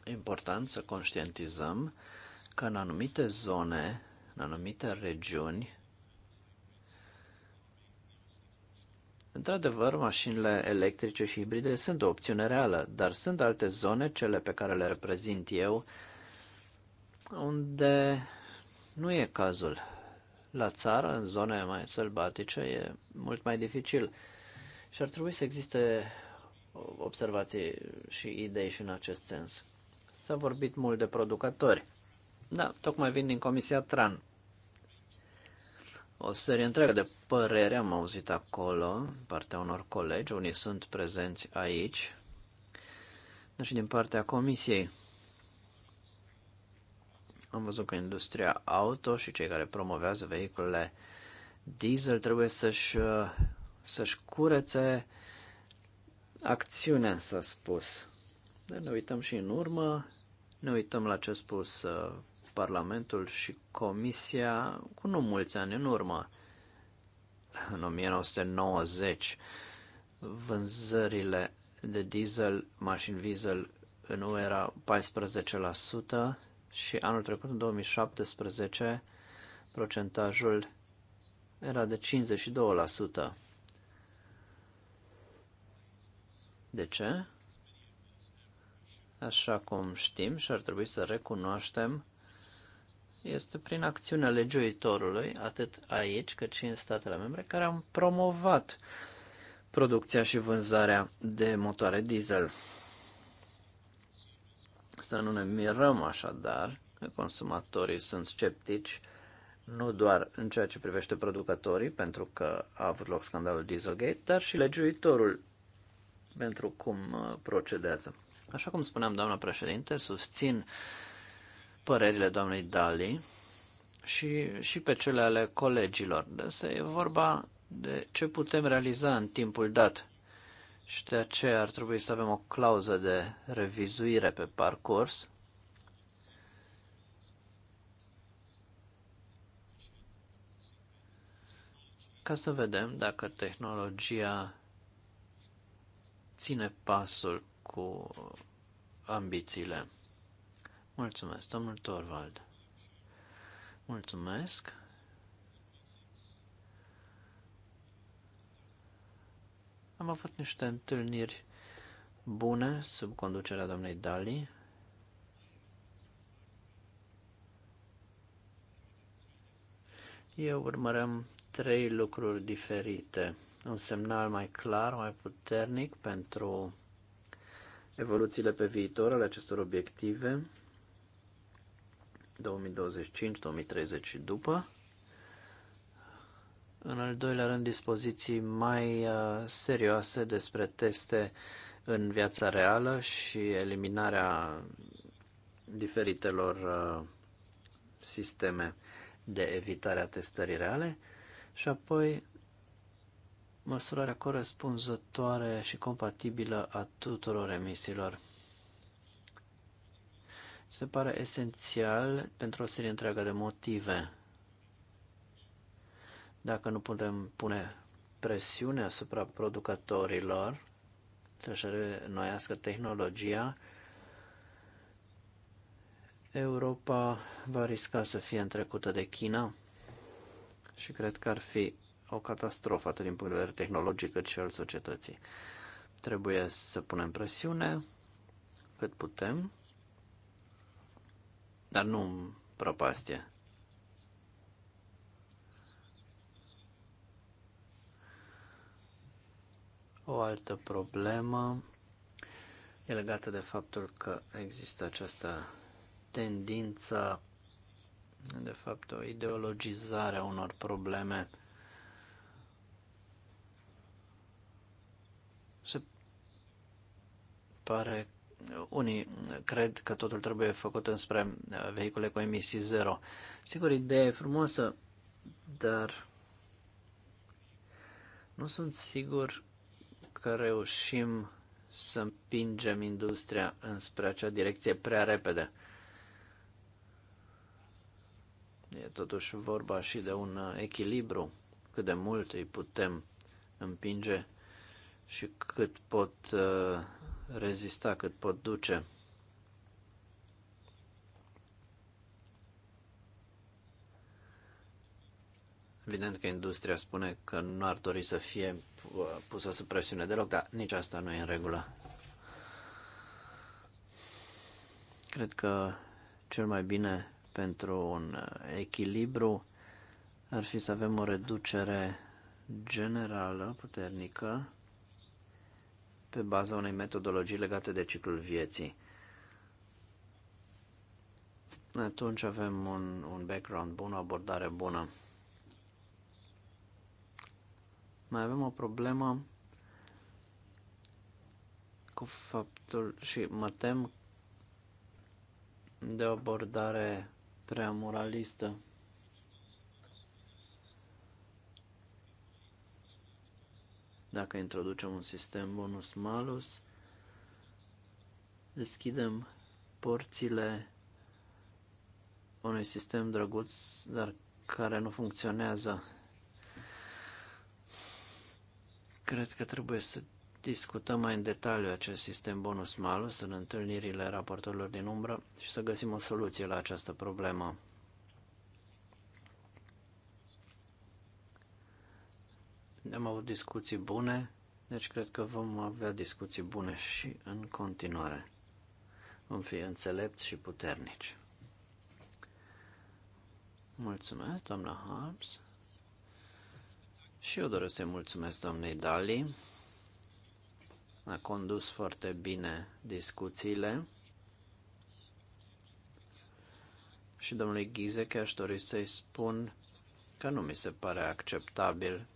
E important să conștientizăm că în anumite zone, în anumite regiuni, Într-adevăr, mașinile electrice și hibride sunt o opțiune reală, dar sunt alte zone, cele pe care le reprezint eu, unde nu e cazul. La țară, în zone mai sălbatice, e mult mai dificil. Și ar trebui să existe observații și idei și în acest sens. S-a vorbit mult de producători. Da, tocmai vin din Comisia TRAN. O serie întreagă de părere am auzit acolo, partea unor colegi, unii sunt prezenți aici, dar și din partea Comisiei. Am văzut că industria auto și cei care promovează vehiculele diesel trebuie să-și uh, să-și curețe acțiunea, s-a spus. Dar ne uităm și în urmă, ne uităm la ce a spus uh, Parlamentul și Comisia cu nu mulți ani în urmă, în 1990. Vânzările de diesel, mașini diesel în UE era 14% și anul trecut, în 2017, procentajul era de 52%. De ce? Așa cum știm și ar trebui să recunoaștem, este prin acțiunea legiuitorului, atât aici cât și în statele membre, care am promovat producția și vânzarea de motoare diesel. Să nu ne mirăm așadar că consumatorii sunt sceptici nu doar în ceea ce privește producătorii, pentru că a avut loc scandalul Dieselgate, dar și legiuitorul pentru cum uh, procedează. Așa cum spuneam, doamna președinte, susțin părerile doamnei Dali și, și pe cele ale colegilor. Deci e vorba de ce putem realiza în timpul dat și de aceea ar trebui să avem o clauză de revizuire pe parcurs ca să vedem dacă tehnologia ține pasul cu ambițiile. Mulțumesc, domnul Torvald. Mulțumesc. Am avut niște întâlniri bune sub conducerea domnei Dali. Eu urmăream trei lucruri diferite. Un semnal mai clar, mai puternic pentru evoluțiile pe viitor ale acestor obiective 2025, 2030 și după. În al doilea rând, dispoziții mai uh, serioase despre teste în viața reală și eliminarea diferitelor uh, sisteme de evitare a testării reale și apoi măsurarea corespunzătoare și compatibilă a tuturor emisiilor. Se pare esențial pentru o serie întreagă de motive. Dacă nu putem pune presiune asupra producătorilor să-și renoiască tehnologia, Europa va risca să fie întrecută de China și cred că ar fi o catastrofă atât din punct de vedere tehnologic cât și al societății. Trebuie să punem presiune cât putem, dar nu prăpastie. O altă problemă e legată de faptul că există această tendință de fapt o ideologizare a unor probleme. Se pare unii cred că totul trebuie făcut înspre uh, vehicule cu emisii zero. Sigur, ideea e frumoasă, dar nu sunt sigur că reușim să împingem industria înspre acea direcție prea repede. E totuși vorba și de un uh, echilibru, cât de mult îi putem împinge și cât pot uh, rezista, cât pot duce. Evident că industria spune că nu ar dori să fie uh, pusă sub presiune deloc, dar nici asta nu e în regulă. Cred că cel mai bine pentru un uh, echilibru ar fi să avem o reducere generală puternică pe baza unei metodologii legate de ciclul vieții. Atunci avem un, un background bun, o abordare bună. Mai avem o problemă cu faptul și mă tem de o abordare prea moralistă. Dacă introducem un sistem bonus-malus, deschidem porțile unui sistem drăguț, dar care nu funcționează. Cred că trebuie să discutăm mai în detaliu acest sistem bonus-malus în întâlnirile raportorilor din umbră și să găsim o soluție la această problemă. Am avut discuții bune, deci cred că vom avea discuții bune și în continuare. Vom fi înțelepți și puternici. Mulțumesc, doamna Harms. Și eu doresc să-i mulțumesc doamnei Dali a condus foarte bine discuțiile. Și domnului Ghize că aș dori să-i spun că nu mi se pare acceptabil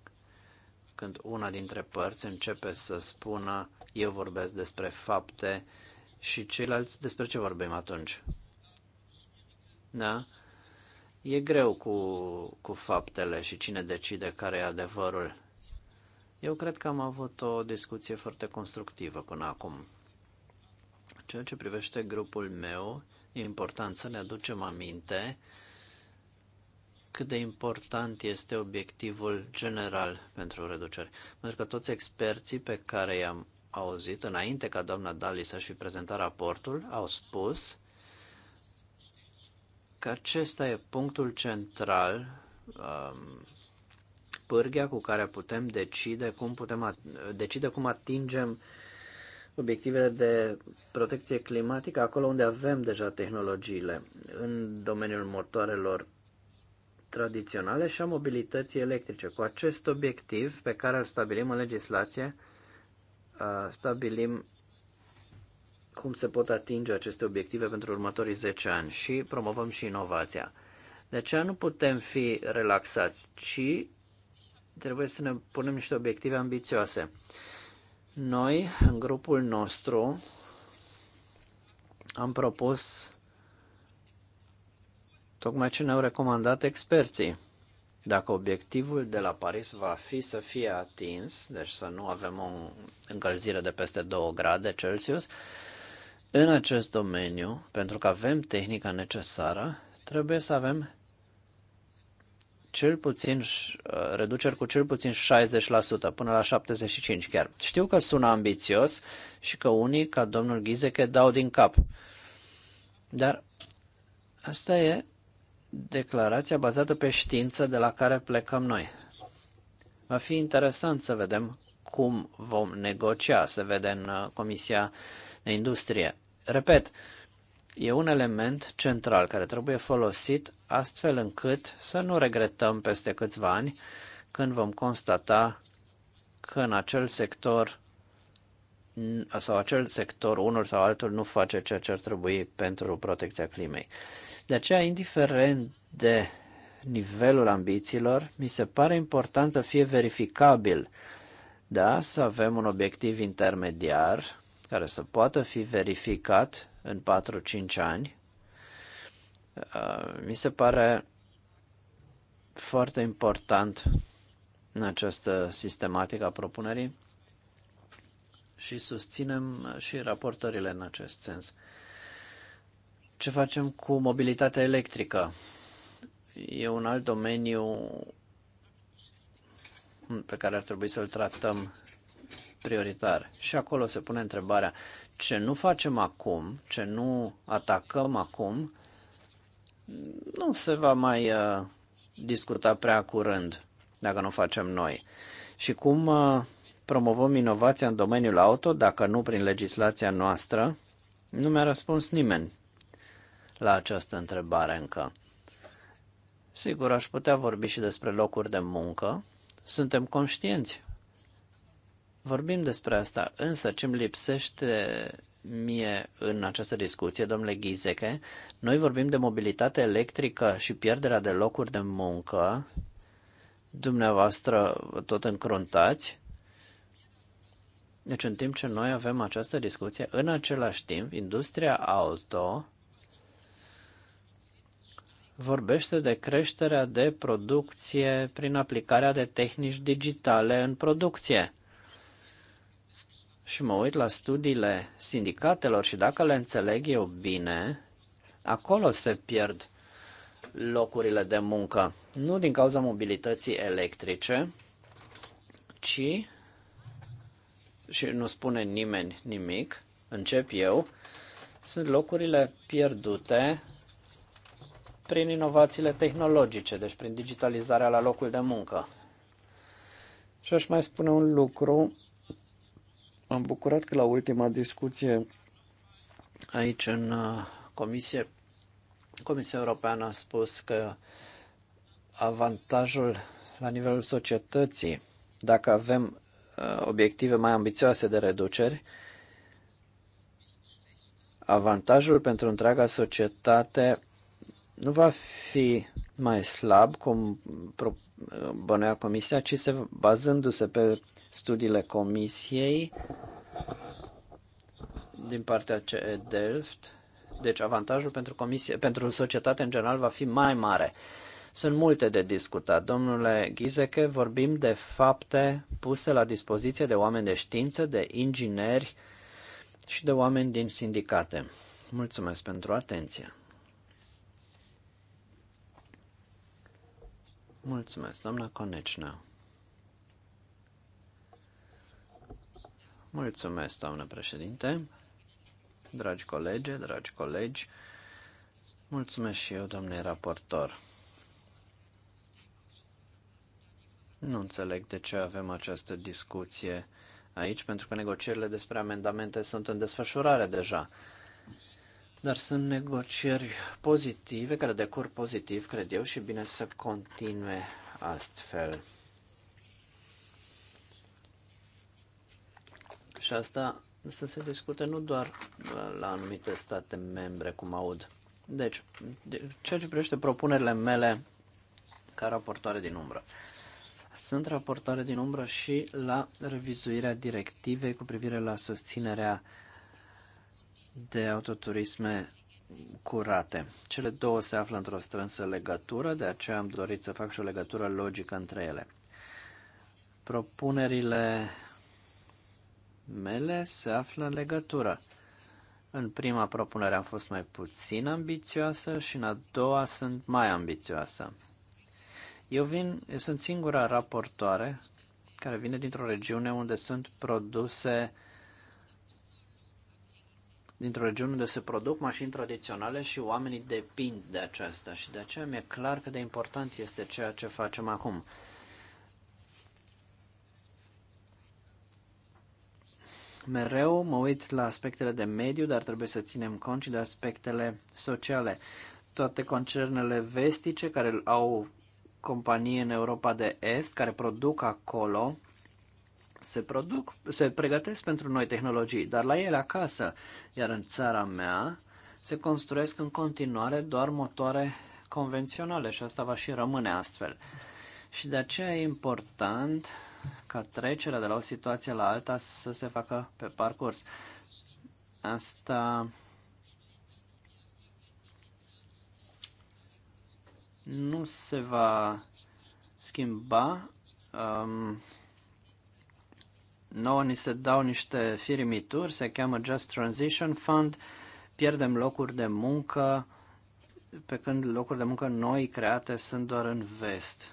când una dintre părți începe să spună eu vorbesc despre fapte și ceilalți despre ce vorbim atunci. Da? E greu cu, cu faptele și cine decide care e adevărul. Eu cred că am avut o discuție foarte constructivă până acum. Ceea ce privește grupul meu, e important să ne aducem aminte cât de important este obiectivul general pentru reducere. Pentru că toți experții pe care i-am auzit înainte ca doamna Dali să-și fi prezentat raportul au spus că acesta e punctul central um, pârghia cu care putem decide cum, putem decide cum atingem obiectivele de protecție climatică acolo unde avem deja tehnologiile în domeniul motoarelor tradiționale și a mobilității electrice. Cu acest obiectiv pe care îl stabilim în legislație, stabilim cum se pot atinge aceste obiective pentru următorii 10 ani și promovăm și inovația. De aceea nu putem fi relaxați, ci trebuie să ne punem niște obiective ambițioase. Noi, în grupul nostru, am propus tocmai ce ne-au recomandat experții. Dacă obiectivul de la Paris va fi să fie atins, deci să nu avem o încălzire de peste 2 grade Celsius, în acest domeniu, pentru că avem tehnica necesară, trebuie să avem cel puțin, uh, reduceri cu cel puțin 60% până la 75% chiar. Știu că sună ambițios și că unii, ca domnul Ghizeche, dau din cap. Dar asta e declarația bazată pe știință de la care plecăm noi. Va fi interesant să vedem cum vom negocia, să vedem în uh, Comisia de Industrie. Repet, uh, e un element central care trebuie folosit astfel încât să nu regretăm peste câțiva ani când vom constata că în acel sector sau acel sector, unul sau altul, nu face ceea ce ar trebui pentru protecția climei. De aceea, indiferent de nivelul ambițiilor, mi se pare important să fie verificabil. Da, să avem un obiectiv intermediar care să poată fi verificat în 4-5 ani. Uh, mi se pare foarte important în această sistematică a propunerii și susținem și raportările în acest sens. Ce facem cu mobilitatea electrică? E un alt domeniu pe care ar trebui să-l tratăm prioritar. Și acolo se pune întrebarea ce nu facem acum, ce nu atacăm acum, nu se va mai uh, discuta prea curând dacă nu facem noi. Și cum uh, promovăm inovația în domeniul auto, dacă nu prin legislația noastră, nu mi-a răspuns nimeni la această întrebare încă. Sigur, aș putea vorbi și despre locuri de muncă. Suntem conștienți Vorbim despre asta, însă ce îmi lipsește mie în această discuție, domnule Ghizeche, noi vorbim de mobilitate electrică și pierderea de locuri de muncă, dumneavoastră tot încruntați. Deci în timp ce noi avem această discuție, în același timp, industria auto vorbește de creșterea de producție prin aplicarea de tehnici digitale în producție și mă uit la studiile sindicatelor și dacă le înțeleg eu bine, acolo se pierd locurile de muncă. Nu din cauza mobilității electrice, ci, și nu spune nimeni nimic, încep eu, sunt locurile pierdute prin inovațiile tehnologice, deci prin digitalizarea la locul de muncă. Și aș mai spune un lucru am bucurat că la ultima discuție aici în uh, comisie, Comisia Europeană a spus că avantajul la nivelul societății, dacă avem uh, obiective mai ambițioase de reduceri, avantajul pentru întreaga societate nu va fi mai slab, cum bănuia comisia, ci se, bazându-se pe studiile comisiei din partea CE Delft, deci avantajul pentru, comisie, pentru societate în general va fi mai mare. Sunt multe de discutat. Domnule Ghizeche, vorbim de fapte puse la dispoziție de oameni de știință, de ingineri și de oameni din sindicate. Mulțumesc pentru atenție. Mulțumesc, doamna Conecna. Mulțumesc, doamnă președinte. Dragi colegi, dragi colegi, mulțumesc și eu, domnule raportor. Nu înțeleg de ce avem această discuție aici, pentru că negocierile despre amendamente sunt în desfășurare deja dar sunt negocieri pozitive, care decur pozitiv, cred eu, și bine să continue astfel. Și asta să se discute nu doar uh, la anumite state membre, cum aud. Deci, de ceea ce privește propunerile mele ca raportoare din umbră. Sunt raportoare din umbră și la revizuirea directivei cu privire la susținerea uh, de autoturisme curate. Cele două se află într-o strânsă legătură, de aceea am dorit să fac și o legătură logică între ele. Propunerile mele se află în legătură. În prima propunere am fost mai puțin ambițioasă și în a doua sunt mai ambițioasă. Eu, vin, eu sunt singura raportoare care vine dintr-o regiune unde sunt produse uh, dintr-o regiune unde se produc mașini tradiționale și oamenii depind de aceasta și de aceea mi-e clar cât de important este ceea ce facem acum. Mereu mă uit la aspectele de mediu, dar trebuie să ținem cont și de aspectele sociale. Toate concernele vestice care au companii în Europa de Est, care produc acolo, se produc, se pregătesc pentru noi tehnologii, dar la ele acasă, iar în țara mea, se construiesc în continuare doar motoare convenționale și asta va și rămâne astfel. Și de aceea e important ca trecerea de la o situație la alta să se facă pe parcurs. Asta nu se va schimba um, Nouă ni se dau niște firimituri, se cheamă Just Transition Fund, pierdem locuri de muncă, pe când locuri de muncă noi create sunt doar în vest.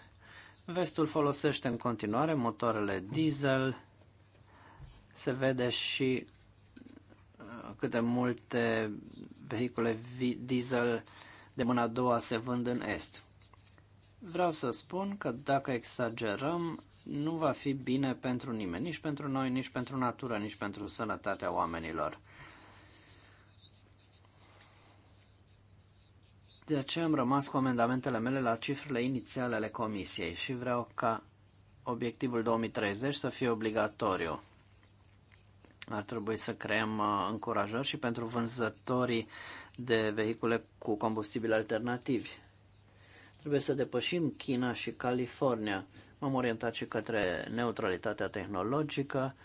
Vestul folosește în continuare motoarele diesel, se vede și uh, cât de multe vehicule diesel de mâna a doua se vând în est. Vreau să spun că dacă exagerăm, nu va fi bine pentru nimeni, nici pentru noi, nici pentru natură, nici pentru sănătatea oamenilor. De aceea am rămas cu amendamentele mele la cifrele inițiale ale comisiei și vreau ca obiectivul 2030 să fie obligatoriu. Ar trebui să creăm uh, încurajări și pentru vânzătorii de vehicule cu combustibili alternativi. Trebuie să depășim China și California. M-am orientat și către neutralitatea tehnologică.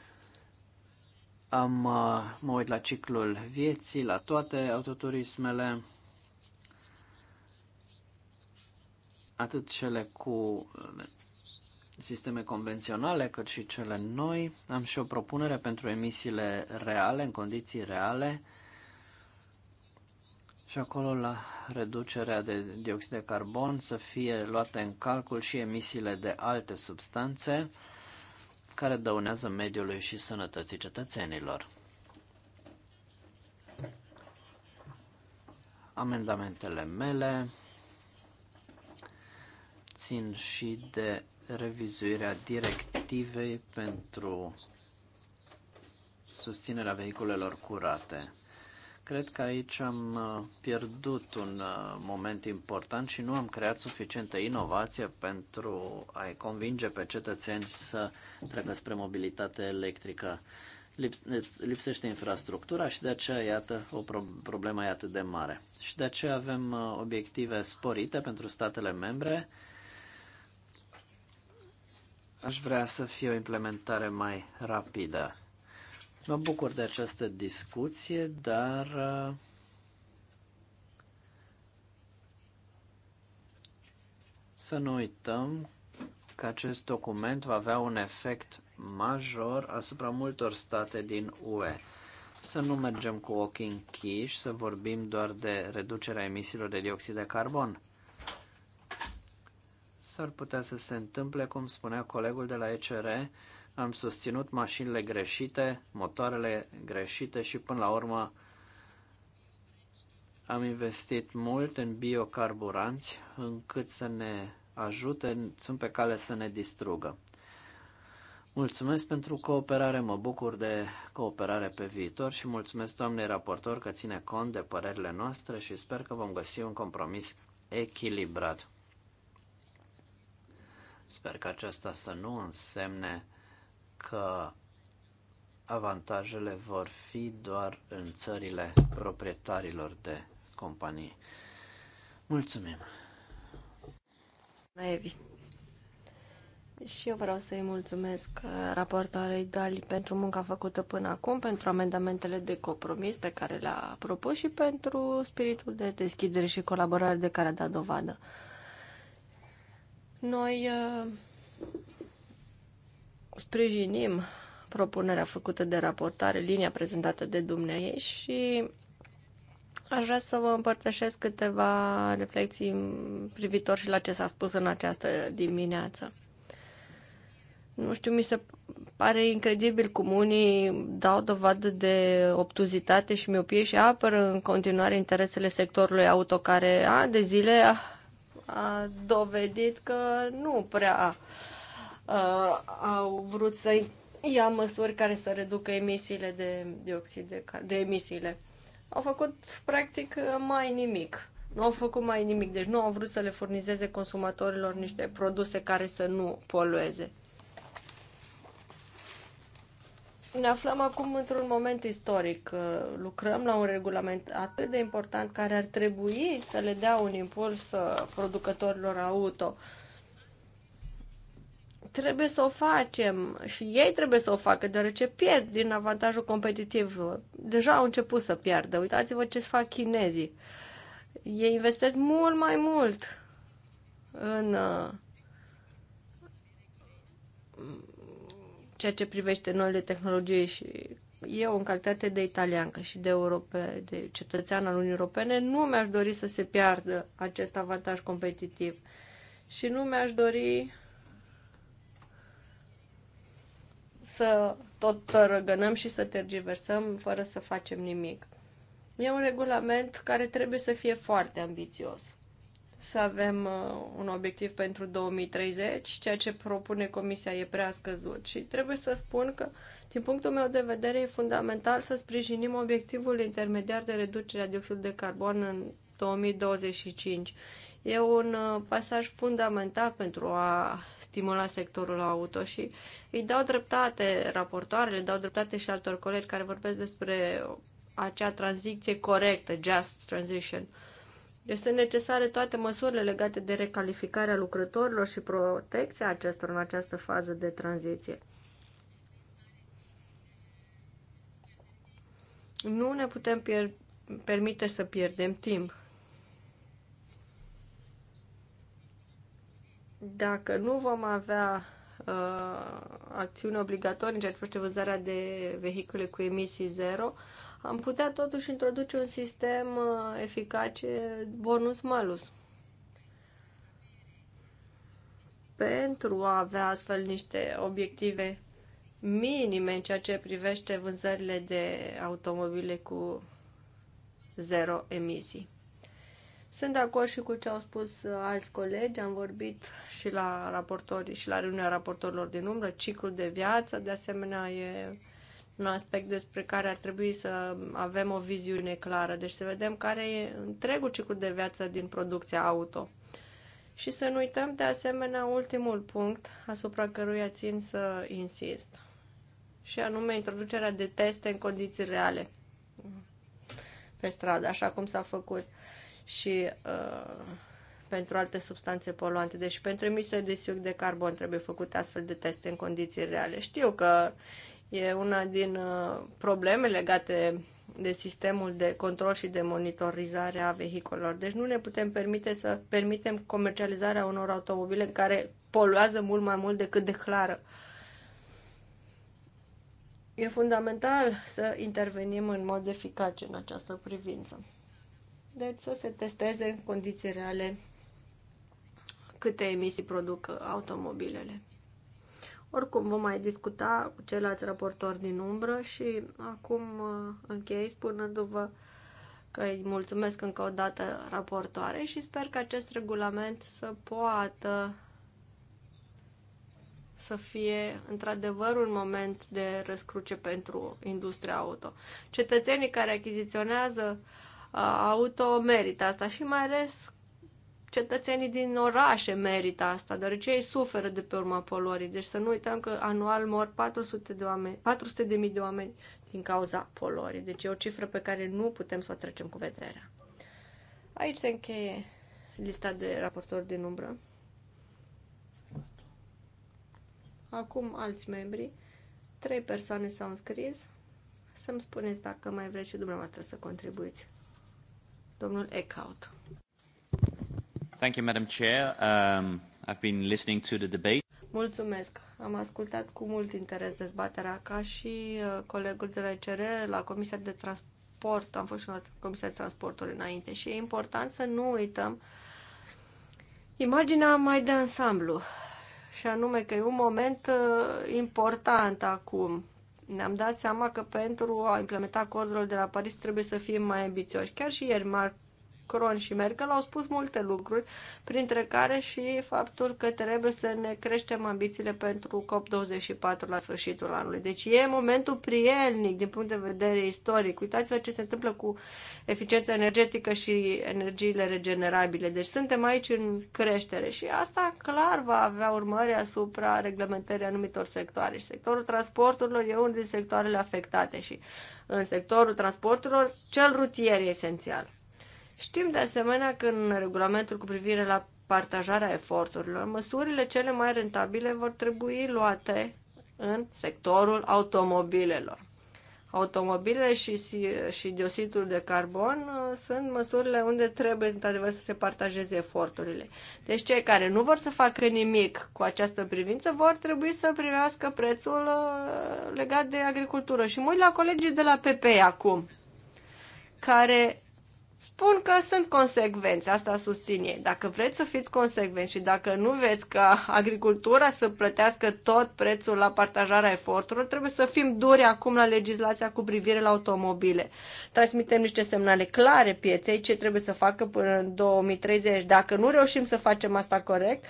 Am, uh, mă uit la ciclul vieții, la toate autoturismele, atât cele cu uh, sisteme convenționale, cât și cele noi. Am și o propunere pentru emisiile reale, în condiții reale, și acolo la reducerea de dioxid de carbon să fie luate în calcul și emisiile de alte substanțe care dăunează mediului și sănătății cetățenilor. Amendamentele mele țin și de revizuirea directivei pentru susținerea vehiculelor curate. Cred că aici am uh, pierdut un uh, moment important și nu am creat suficientă inovație pentru a-i convinge pe cetățeni să treacă spre mobilitate electrică. lipsește infrastructura și de aceea, iată, o problemă e atât de mare. Și de aceea avem uh, obiective sporite pentru statele membre. Aș vrea să fie o implementare mai rapidă. Mă bucur de această discuție, dar uh, să nu uităm că acest document va avea un efect major asupra multor state din UE. Să nu mergem cu ochii închiși, să vorbim doar de reducerea emisiilor de dioxid de carbon. S-ar putea să se întâmple, cum spunea colegul de la ECR, am susținut mașinile greșite, motoarele greșite și până la urmă am investit mult în biocarburanți încât să ne ajute, sunt pe cale să ne distrugă. Mulțumesc pentru cooperare, mă bucur de cooperare pe viitor și mulțumesc doamnei raportor că ține cont de părerile noastre și sper că vom găsi un compromis echilibrat. Sper că aceasta să nu însemne că avantajele vor fi doar în țările proprietarilor de companii. Mulțumim! Evi. Și eu vreau să-i mulțumesc uh, raportoarei Dali pentru munca făcută până acum, pentru amendamentele de compromis pe care le-a propus și pentru spiritul de deschidere și colaborare de care a dat dovadă. Noi uh, Sprijinim propunerea făcută de raportare, linia prezentată de dumneavoastră și aș vrea să vă împărtășesc câteva reflexii privitor și la ce s-a spus în această dimineață. Nu știu, mi se pare incredibil cum unii dau dovadă de obtuzitate și miopie și apără în continuare interesele sectorului auto, care a de zile a, a dovedit că nu prea uh, uh, au vrut să ia măsuri care să reducă emisiile de dioxid de, de emisiile. Au făcut practic mai nimic. Nu au făcut mai nimic, deci nu au vrut să le furnizeze consumatorilor niște produse care să nu polueze. Ne aflăm acum într-un moment istoric. Uh, lucrăm la un regulament atât de important care ar trebui să le dea un impuls uh, producătorilor auto trebuie să o facem și ei trebuie să o facă, deoarece pierd din avantajul competitiv. Deja au început să piardă. Uitați-vă ce fac chinezii. Ei investesc mult mai mult în uh, ceea ce privește noile tehnologii și eu, în calitate de italiancă și de, europe, de cetățean al Uniunii Europene, nu mi-aș dori să se piardă acest avantaj competitiv și nu mi-aș dori să tot răgănăm și să tergiversăm fără să facem nimic. E un regulament care trebuie să fie foarte ambițios. Să avem uh, un obiectiv pentru 2030, ceea ce propune Comisia e prea scăzut și trebuie să spun că, din punctul meu de vedere, e fundamental să sprijinim obiectivul intermediar de reducere a dioxidului de carbon în 2025. E un uh, pasaj fundamental pentru a stimula sectorul auto și îi dau dreptate raportoarele, dau dreptate și altor colegi care vorbesc despre acea tranziție corectă, just transition. Deci sunt necesare toate măsurile legate de recalificarea lucrătorilor și protecția acestor în această fază de tranziție. Nu ne putem pier- permite să pierdem timp. dacă nu vom avea uh, acțiuni obligatorii în ceea ce privește vânzarea de vehicule cu emisii zero, am putea totuși introduce un sistem uh, eficace bonus-malus. Pentru a avea astfel niște obiective minime în ceea ce privește vânzările de automobile cu zero emisii. Sunt de acord și cu ce au spus uh, alți colegi, am vorbit și la raportori și la reuniunea raportorilor din umbră, ciclul de viață, de asemenea e un aspect despre care ar trebui să avem o viziune clară, deci să vedem care e întregul ciclu de viață din producția auto. Și să nu uităm de asemenea ultimul punct asupra căruia țin să insist, și anume introducerea de teste în condiții reale pe stradă, așa cum s-a făcut. Uh, și uh, pentru alte substanțe poluante. Deci pentru emisiile de sioc de carbon trebuie făcute astfel de teste în condiții reale. Știu că e una din uh, probleme legate de sistemul de control și de monitorizare a vehicolelor. Deci nu ne putem permite să permitem comercializarea unor automobile care poluează mult mai mult decât declară. E fundamental să intervenim în mod eficace în această privință deci să se testeze în condiții reale câte emisii produc automobilele. Oricum, vom mai discuta cu ceilalți raportori din umbră și acum uh, închei spunându-vă că îi mulțumesc încă o dată raportoare și sper că acest regulament să poată să fie într-adevăr un moment de răscruce pentru industria auto. Cetățenii care achiziționează uh, auto merită asta și mai ales cetățenii din orașe merită asta, deoarece ei suferă de pe urma poluării. Deci să nu uităm că anual mor 400 de oameni, 400 de mii de oameni din cauza poluării. Deci e o cifră pe care nu putem să o trecem cu vederea. Aici se încheie lista de raportori din umbră. Acum alți membri. Trei persoane s-au înscris. Să-mi spuneți dacă mai vreți și dumneavoastră să contribuiți domnul Eckhout. Thank you, Madam Chair. Um, I've been listening to the debate. Mulțumesc. Am ascultat cu mult interes dezbaterea ca și uh, colegul de la ECR la Comisia de Transport. Am fost și la Comisia de Transporturi înainte și e important să nu uităm imaginea mai de ansamblu și anume că e un moment uh, important acum ne-am dat seama că pentru a implementa acordurile de la Paris trebuie să fim mai ambițioși. Chiar și ieri Mark Macron și Merkel au spus multe lucruri, printre care și faptul că trebuie să ne creștem ambițiile pentru COP24 la sfârșitul anului. Deci e momentul prielnic din punct de vedere istoric. Uitați-vă ce se întâmplă cu eficiența energetică și energiile regenerabile. Deci suntem aici în creștere și asta clar va avea urmări asupra reglementării anumitor sectoare. Și sectorul transporturilor e unul din sectoarele afectate și în sectorul transporturilor cel rutier e esențial. Știm de asemenea că în regulamentul cu privire la partajarea eforturilor, măsurile cele mai rentabile vor trebui luate în sectorul automobilelor. Automobilele și, și dioxidul de carbon uh, sunt măsurile unde trebuie, într-adevăr, să se partajeze eforturile. Deci cei care nu vor să facă nimic cu această privință vor trebui să primească prețul uh, legat de agricultură. Și mă uit la colegii de la PP acum, care spun că sunt consecvenți, asta susțin ei. Dacă vreți să fiți consecvenți și dacă nu veți ca agricultura să plătească tot prețul la partajarea eforturilor, trebuie să fim duri acum la legislația cu privire la automobile. Transmitem niște semnale clare pieței ce trebuie să facă până în 2030. Dacă nu reușim să facem asta corect,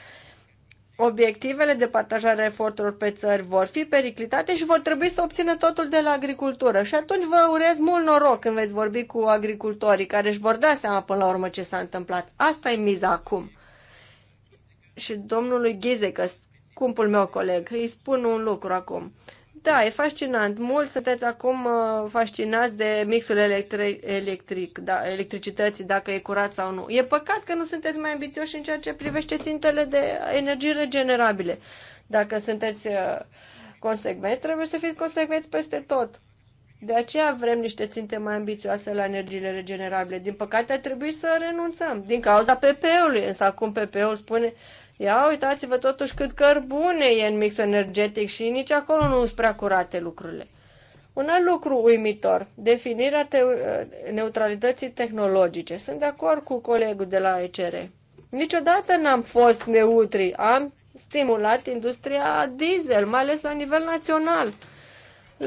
obiectivele de partajare a eforturilor pe țări vor fi periclitate și vor trebui să obțină totul de la agricultură. Și atunci vă urez mult noroc când veți vorbi cu agricultorii care își vor da seama până la urmă ce s-a întâmplat. Asta e miza acum. Și domnului Ghizec, scumpul meu coleg, îi spun un lucru acum. Uh, da, e fascinant. Mulți sunteți acum uh, fascinați de mixul electri- electric, da, electricității, dacă e curat sau nu. E păcat că nu sunteți mai ambițioși în ceea ce privește țintele de energii regenerabile. Dacă sunteți uh, consecvenți, trebuie să fiți consecvenți peste tot. De aceea vrem niște ținte mai ambițioase la energiile regenerabile. Din păcate, a trebuit să renunțăm din cauza PP-ului. Însă acum PP-ul spune Ia uitați-vă totuși cât cărbune e în mix energetic și nici acolo nu sunt prea curate lucrurile. Un alt lucru uimitor, definirea te- neutralității tehnologice. Sunt de acord cu colegul de la ECR. Niciodată n-am fost neutri. Am stimulat industria diesel, mai ales la nivel național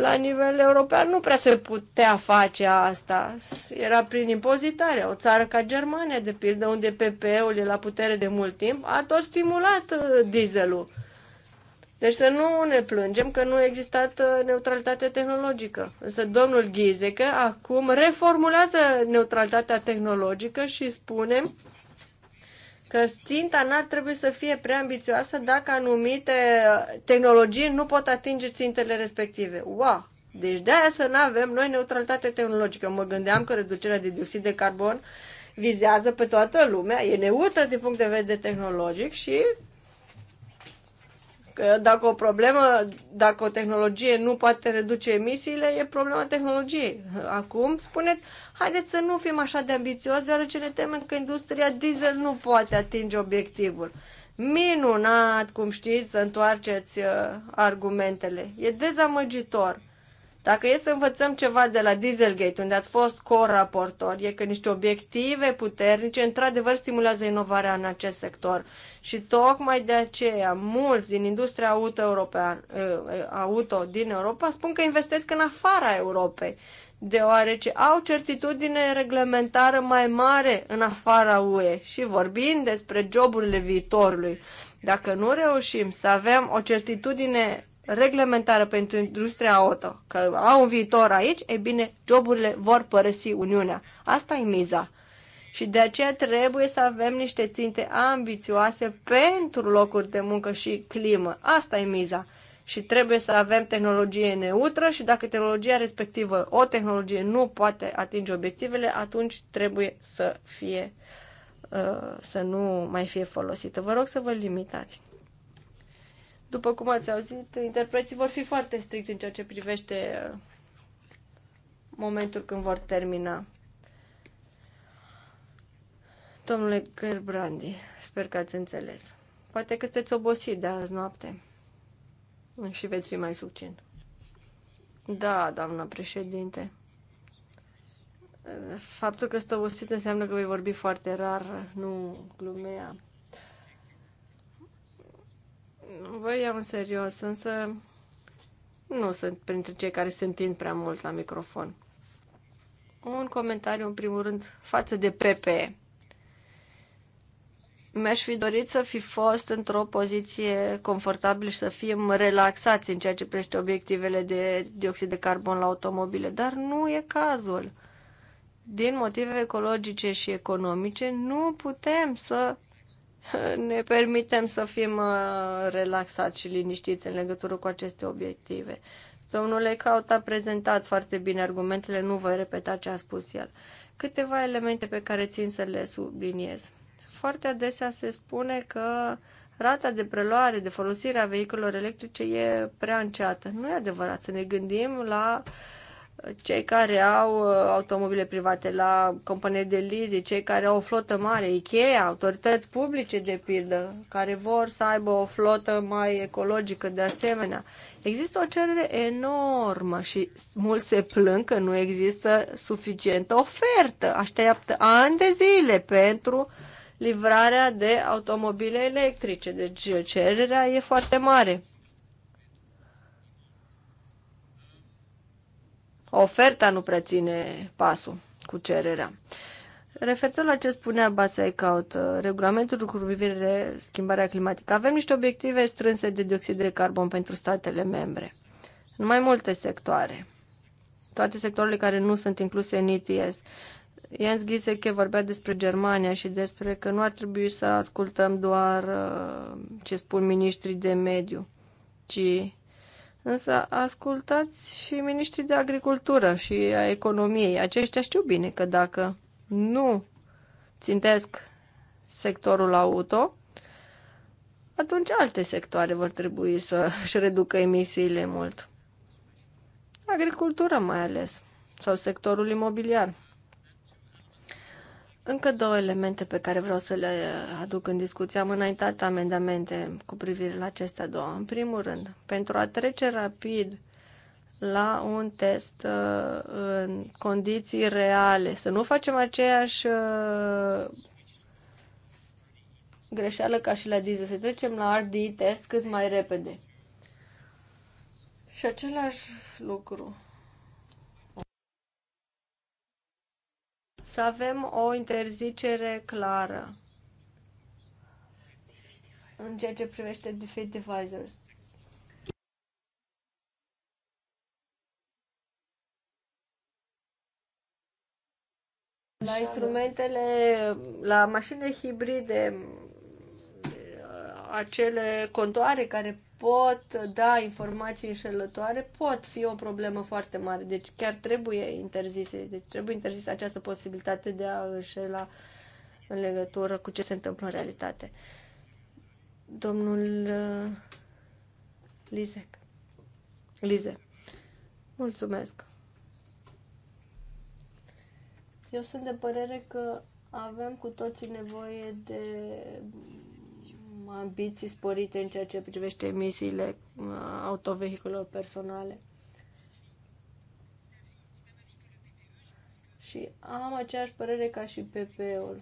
la nivel european nu prea se putea face asta. Era prin impozitare. O țară ca Germania, de pildă, unde PP-ul e la putere de mult timp, a tot stimulat uh, dieselul. Deci să nu ne plângem că nu a existat uh, neutralitate tehnologică. Însă domnul Ghizecă acum reformulează neutralitatea tehnologică și spune că ținta n-ar trebui să fie prea ambițioasă dacă anumite uh, tehnologii nu pot atinge țintele respective. Wow! Deci de aia să nu avem noi neutralitate tehnologică. Mă gândeam că reducerea de dioxid de carbon vizează pe toată lumea, e neutră din punct de vedere tehnologic și dacă o problemă, dacă o tehnologie nu poate reduce emisiile, e problema tehnologiei. Acum spuneți, haideți să nu fim așa de ambițioși, deoarece ne temem că industria diesel nu poate atinge obiectivul. Minunat, cum știți, să întoarceți uh, argumentele. E dezamăgitor. Dacă e să învățăm ceva de la Dieselgate, unde ați fost co-raportor, e că niște obiective puternice într-adevăr stimulează inovarea în acest sector. Și tocmai de aceea, mulți din industria auto, european, ă, ă, auto din Europa spun că investesc în afara Europei, deoarece au certitudine reglementară mai mare în afara UE și vorbind despre joburile viitorului. Dacă nu reușim să avem o certitudine reglementară pentru industria auto, că au un viitor aici, e bine, joburile vor părăsi Uniunea. Asta e miza. Și de aceea trebuie să avem niște ținte ambițioase pentru locuri de muncă și climă. Asta e miza. Și trebuie să avem tehnologie neutră și dacă tehnologia respectivă, o tehnologie nu poate atinge obiectivele, atunci trebuie să fie uh, să nu mai fie folosită. Vă rog să vă limitați. După cum ați auzit, interpreții vor fi foarte stricți în ceea ce privește uh, momentul când vor termina. Domnule Gerbrandi, sper că ați înțeles. Poate că sunteți obosit de azi noapte și veți fi mai succint. Da, doamna președinte. Faptul că sunt obosit înseamnă că voi vorbi foarte rar, nu glumea. Vă iau în serios, însă nu sunt printre cei care se întind prea mult la microfon. Un comentariu, în primul rând, față de PPE. Mi-aș fi dorit să fi fost într-o poziție confortabilă și să fim relaxați în ceea ce privește obiectivele de dioxid de carbon la automobile, dar nu e cazul. Din motive ecologice și economice, nu putem să ne permitem să fim uh, relaxați și liniștiți în legătură cu aceste obiective. Domnule Caut a prezentat foarte bine argumentele, nu voi repeta ce a spus el. Câteva elemente pe care țin să le subliniez. Foarte adesea se spune că rata de preluare, de folosire a vehiculelor electrice e prea înceată. Nu e adevărat să ne gândim la uh, cei care au uh, automobile private la companii de leasing, cei care au o flotă mare, Ikea, autorități publice de pildă, care vor să aibă o flotă mai ecologică de asemenea. Există o cerere enormă și mulți se plâng că nu există suficientă ofertă. Așteaptă ani de zile pentru livrarea de automobile electrice, deci cererea e foarte mare. Oferta nu prea ține pasul cu cererea. Referitor la ce spunea Caut, uh, regulamentul cu privire schimbarea climatică, avem niște obiective strânse de dioxid de carbon pentru statele membre, în mai multe sectoare, toate sectoarele care nu sunt incluse în ETS. Jens Giseke vorbea despre Germania și despre că nu ar trebui să ascultăm doar uh, ce spun ministrii de mediu, ci Însă ascultați și ministrii de agricultură și a economiei. Aceștia știu bine că dacă nu țintesc sectorul auto, atunci alte sectoare vor trebui să [LAUGHS] își reducă emisiile mult. Agricultura mai ales, sau sectorul imobiliar. Încă două elemente pe care vreau să le aduc în discuție. Am înaintat amendamente cu privire la acestea două. În primul rând, pentru a trece rapid la un test uh, în condiții reale, să nu facem aceeași uh, greșeală ca și la diesel, să trecem la RD test cât mai repede. Și același lucru să avem o interzicere clară în ceea ce privește defeat devisors. La instrumentele, la mașinile hibride, uh, acele contoare care pot da informații înșelătoare pot fi o problemă foarte mare. Deci chiar trebuie interzise, deci trebuie interzisă această posibilitate de a înșela în legătură cu ce se întâmplă în realitate. Domnul uh, Lizec. Lize. Mulțumesc. Eu sunt de părere că avem cu toții nevoie de ambiții sporite în ceea ce privește emisiile uh, autovehiculelor personale. Și am aceeași părere ca și PP-ul.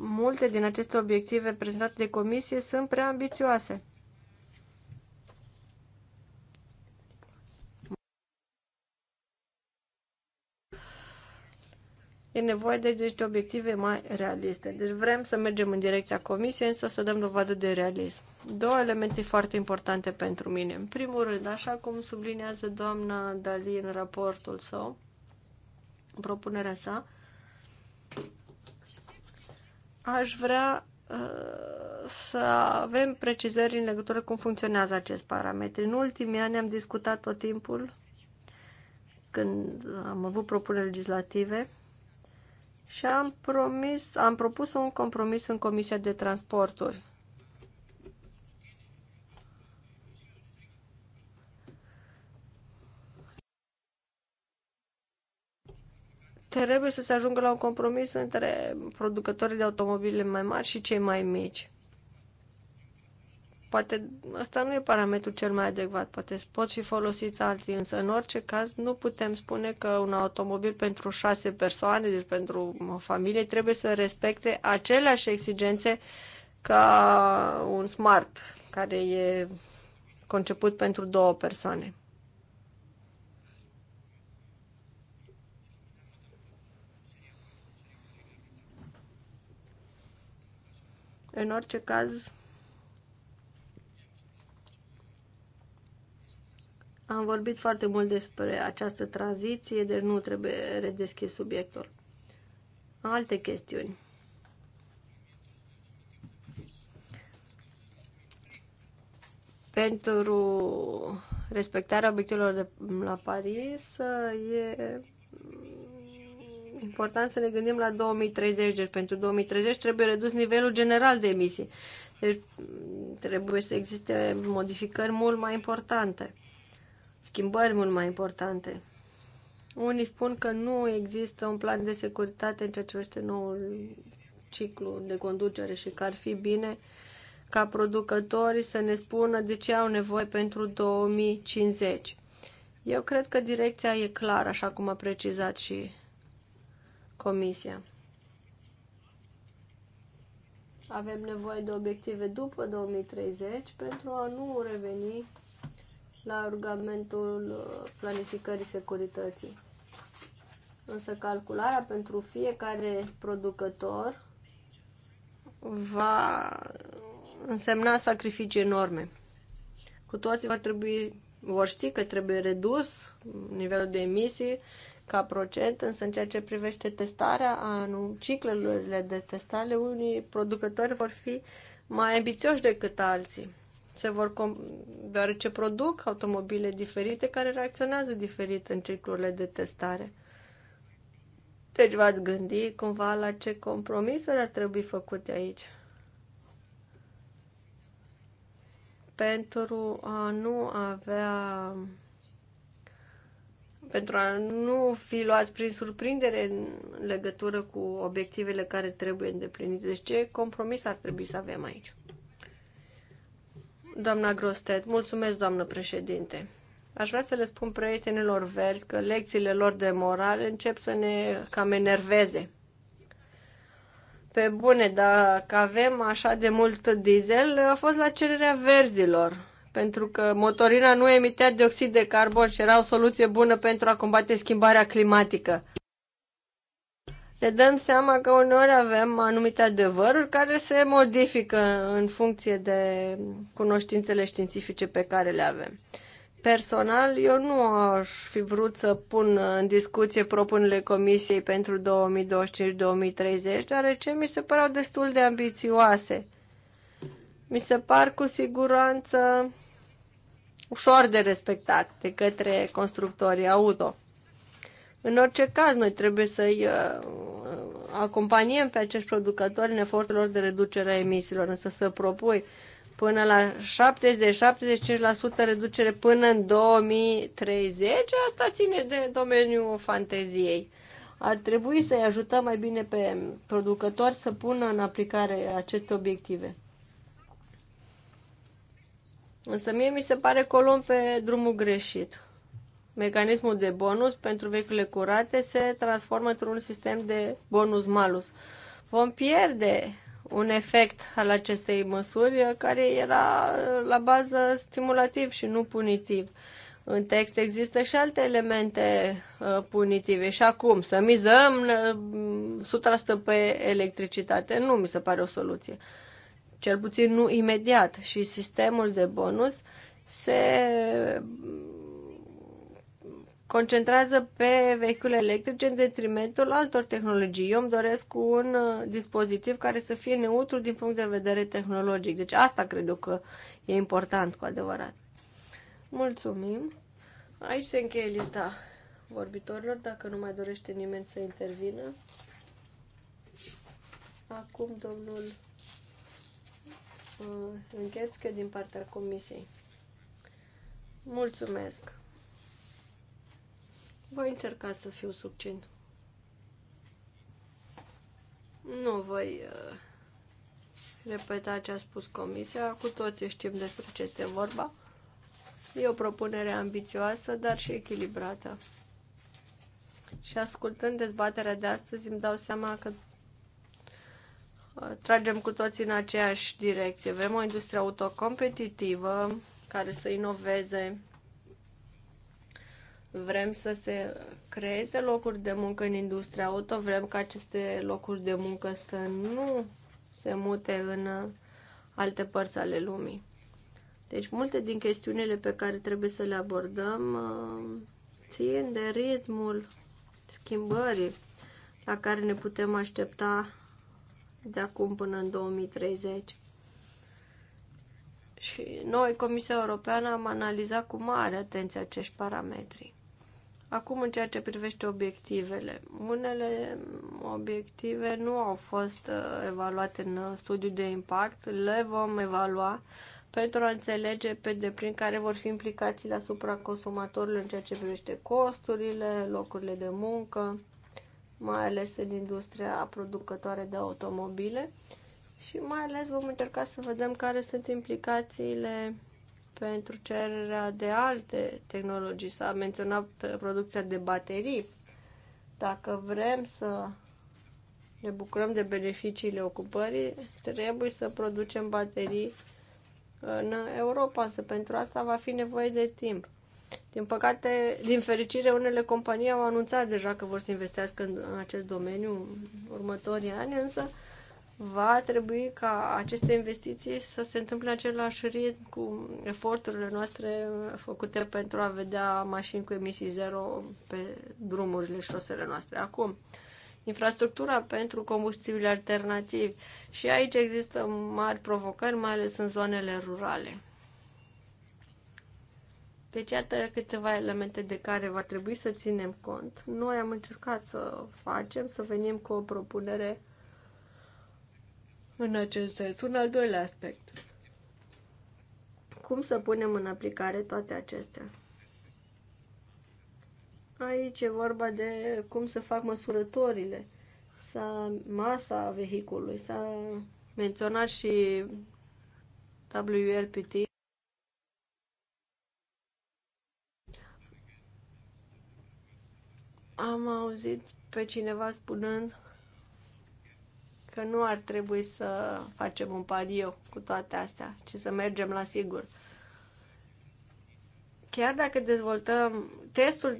Multe din aceste obiective prezentate de comisie sunt prea ambițioase. E nevoie deci, de niște obiective mai realiste. Deci vrem să mergem în direcția comisiei, însă să dăm dovadă de realism. Două elemente foarte importante pentru mine. În primul rând, așa cum sublinează doamna Dali în raportul său, în propunerea sa, aș vrea uh, să avem precizări în legătură cum funcționează acest parametru. În ultimii ani am discutat tot timpul când am avut propuneri legislative și am, promis, am propus un compromis în Comisia de Transporturi. Trebuie să se ajungă la un compromis între producătorii de automobile mai mari și cei mai mici. Poate ăsta nu e parametrul cel mai adecvat, poate pot fi folosiți alții, însă în orice caz nu putem spune că un automobil pentru șase persoane, deci pentru o familie, trebuie să respecte aceleași exigențe ca un smart care e conceput pentru două persoane. În orice caz, Am vorbit foarte mult despre această tranziție, deci nu trebuie redeschis subiectul. Alte chestiuni. Pentru respectarea obiectivelor de la Paris e important să ne gândim la 2030. Deci pentru 2030 trebuie redus nivelul general de emisii. Deci trebuie să existe modificări mult mai importante schimbări mult mai importante. Unii spun că nu există un plan de securitate în ceea ce privește noul ciclu de conducere și că ar fi bine ca producătorii să ne spună de ce au nevoie pentru 2050. Eu cred că direcția e clară, așa cum a precizat și Comisia. Avem nevoie de obiective după 2030 pentru a nu reveni la rugamentul uh, planificării securității. Însă calcularea pentru fiecare producător va însemna sacrificii enorme. Cu toții vor trebui, vor ști că trebuie redus nivelul de emisii ca procent, însă în ceea ce privește testarea, anul, ciclurile de testare, unii producători vor fi mai ambițioși decât alții se vor deoarece produc automobile diferite care reacționează diferit în ciclurile de testare. Deci v-ați gândi cumva la ce compromisuri ar trebui făcute aici pentru a nu avea pentru a nu fi luați prin surprindere în legătură cu obiectivele care trebuie îndeplinite. Deci ce compromis ar trebui să avem aici? Doamna Grostet, mulțumesc, doamnă președinte. Aș vrea să le spun prietenilor verzi că lecțiile lor de moral încep să ne cam enerveze. Pe bune, dacă avem așa de mult diesel, a fost la cererea verzilor, pentru că motorina nu emitea dioxid de carbon și era o soluție bună pentru a combate schimbarea climatică ne dăm seama că uneori avem anumite adevăruri care se modifică în funcție de cunoștințele științifice pe care le avem. Personal, eu nu aș fi vrut să pun în discuție propunerile Comisiei pentru 2025-2030, deoarece mi se păreau destul de ambițioase. Mi se par cu siguranță ușor de respectat de către constructorii auto. În orice caz, noi trebuie să-i uh, acompaniem pe acești producători în efortul lor de reducere a emisiilor, însă să propui până la 70-75% reducere până în 2030, asta ține de domeniul fanteziei. Ar trebui să-i ajutăm mai bine pe producători să pună în aplicare aceste obiective. Însă mie mi se pare că o luăm pe drumul greșit mecanismul de bonus pentru vehicule curate se transformă într-un sistem de bonus-malus. Vom pierde un efect al acestei măsuri uh, care era uh, la bază stimulativ și nu punitiv. În text există și alte elemente uh, punitive. Și acum, să mizăm uh, 100% pe electricitate, nu mi se pare o soluție. Cel puțin nu imediat. Și sistemul de bonus se concentrează pe vehicule electrice în detrimentul altor tehnologii. Eu îmi doresc un uh, dispozitiv care să fie neutru din punct de vedere tehnologic. Deci asta cred eu că e important cu adevărat. Mulțumim. Aici se încheie lista vorbitorilor, dacă nu mai dorește nimeni să intervină. Acum domnul uh, Închețcă din partea comisiei. Mulțumesc! Voi încerca să fiu succint. Nu voi uh, repeta ce a spus comisia, cu toții știm despre ce este vorba. E o propunere ambițioasă, dar și echilibrată. Și ascultând dezbaterea de astăzi, îmi dau seama că uh, tragem cu toții în aceeași direcție. Vrem o industrie autocompetitivă care să inoveze, Vrem să se creeze locuri de muncă în industria auto, vrem ca aceste locuri de muncă să nu se mute în alte părți ale lumii. Deci multe din chestiunile pe care trebuie să le abordăm uh, țin de ritmul schimbării la care ne putem aștepta de acum până în 2030. Și noi, Comisia Europeană, am analizat cu mare atenție acești parametri. Acum, în ceea ce privește obiectivele, unele obiective nu au fost uh, evaluate în uh, studiu de impact, le vom evalua pentru a înțelege pe deplin care vor fi implicațiile asupra consumatorilor în ceea ce privește costurile, locurile de muncă, mai ales în industria producătoare de automobile și mai ales vom încerca să vedem care sunt implicațiile pentru cererea de alte tehnologii. S-a menționat producția de baterii. Dacă vrem să ne bucurăm de beneficiile ocupării, trebuie să producem baterii în Europa, însă pentru asta va fi nevoie de timp. Din păcate, din fericire, unele companii au anunțat deja că vor să investească în acest domeniu în următorii ani, însă va trebui ca aceste investiții să se întâmple în același ritm cu eforturile noastre făcute pentru a vedea mașini cu emisii zero pe drumurile și șosele noastre. Acum, infrastructura pentru combustibili alternativi. Și aici există mari provocări, mai ales în zonele rurale. Deci, iată câteva elemente de care va trebui să ținem cont. Noi am încercat să facem, să venim cu o propunere în acest sens. Un al doilea aspect. Cum să punem în aplicare toate acestea? Aici e vorba de cum să fac măsurătorile, să masa vehiculului, să menționat și WLPT. Am auzit pe cineva spunând că nu ar trebui să facem un pariu cu toate astea, ci să mergem la sigur. Chiar dacă dezvoltăm testul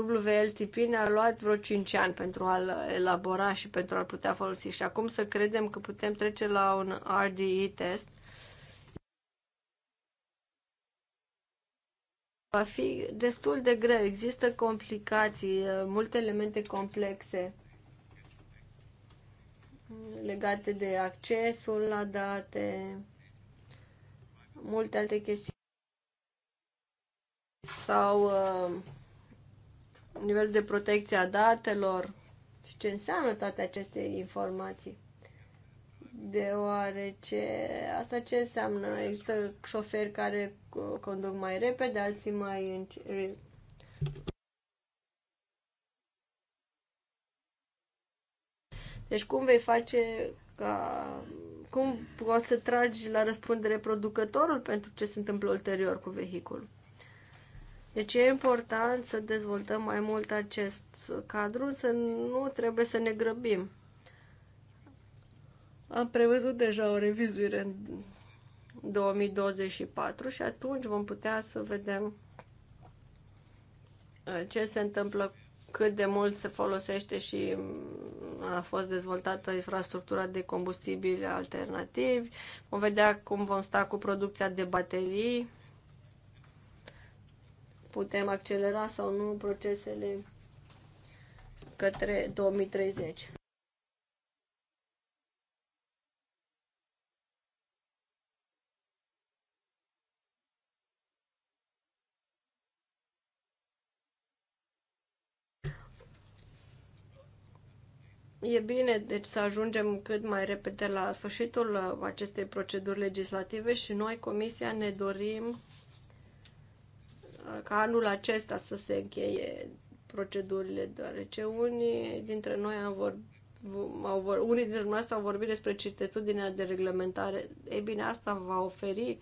uh, WLTP ne-a luat vreo 5 ani pentru a-l elabora și pentru a-l putea folosi și acum să credem că putem trece la un RDE test va fi destul de greu. Există complicații, uh, multe elemente complexe legate de accesul la date, multe alte chestiuni sau uh, nivelul de protecție a datelor și ce înseamnă toate aceste informații. Deoarece asta ce înseamnă? Există șoferi care conduc mai repede, alții mai Deci cum vei face ca... Cum poți să tragi la răspundere producătorul pentru ce se întâmplă ulterior cu vehiculul? Deci e important să dezvoltăm mai mult acest cadru, să nu trebuie să ne grăbim. Am prevăzut deja o revizuire în 2024 și atunci vom putea să vedem uh, ce se întâmplă cât de mult se folosește și a fost dezvoltată infrastructura de combustibili alternativi. Vom vedea cum vom sta cu producția de baterii. Putem accelera sau nu procesele către 2030. E bine, deci să ajungem cât mai repede la sfârșitul uh, acestei proceduri legislative și noi, Comisia, ne dorim uh, ca anul acesta să se încheie procedurile, deoarece unii dintre noi am vorbit au unii dintre noi au vorbit despre certitudinea de reglementare. Ei bine, asta va oferi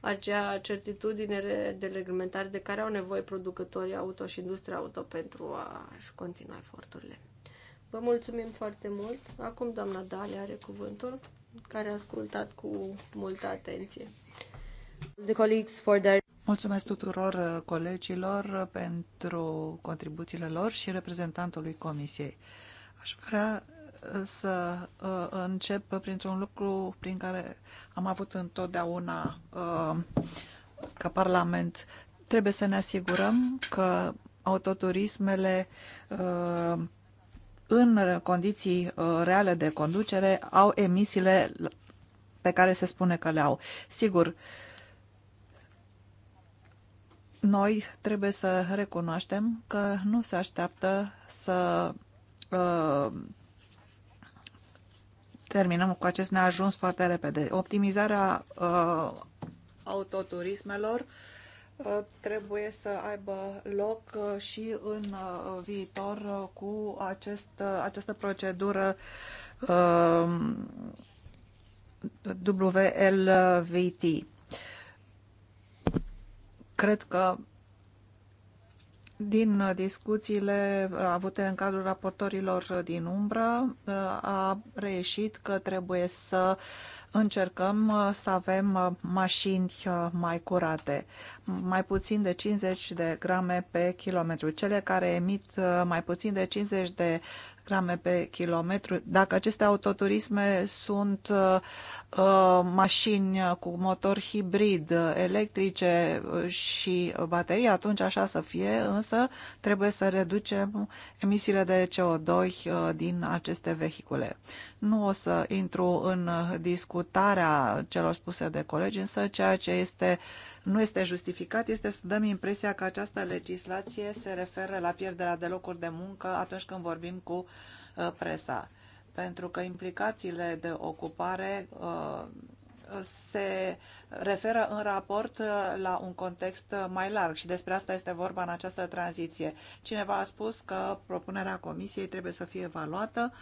acea certitudine de reglementare de care au nevoie producătorii auto și industria auto pentru a-și continua eforturile. Vă mulțumim foarte mult. Acum doamna Dale are cuvântul, care a ascultat cu multă atenție. The colleagues for their... Mulțumesc tuturor uh, colegilor uh, pentru contribuțiile lor și reprezentantului Comisiei. Aș vrea uh, să încep printr-un lucru prin care am avut întotdeauna ca Parlament. Trebuie să ne asigurăm că autoturismele în condiții uh, reale de conducere au emisiile pe care se spune că le au. Sigur, noi trebuie să recunoaștem că nu se așteaptă să uh, terminăm cu acest neajuns foarte repede. Optimizarea uh, autoturismelor Uh, trebuie să aibă loc uh, și în uh, viitor cu acest, această procedură um, WLVT. Cred că din discuțiile avute în cadrul raportorilor din umbră a reieșit că trebuie să uh, încercăm uh, să avem uh, mașini uh, mai curate, mai puțin de 50 de grame pe kilometru. Cele care emit mai puțin de 50 de grame pe kilometru, dacă aceste autoturisme sunt uh, uh mașini cu motor hibrid, uh, electrice uh, și baterii, atunci așa să fie, însă trebuie să reducem emisiile de CO2 din aceste vehicule. Nu o să intru în discutarea celor spuse de colegi, însă ceea ce este uh, nu este justificat este să dăm impresia că această legislație se referă la pierderea de locuri de muncă atunci când vorbim cu uh, presa. Pentru că implicațiile de ocupare uh, se referă în raport uh, la un context mai larg și despre asta este vorba în această tranziție. Cineva a spus că propunerea comisiei trebuie să fie evaluată.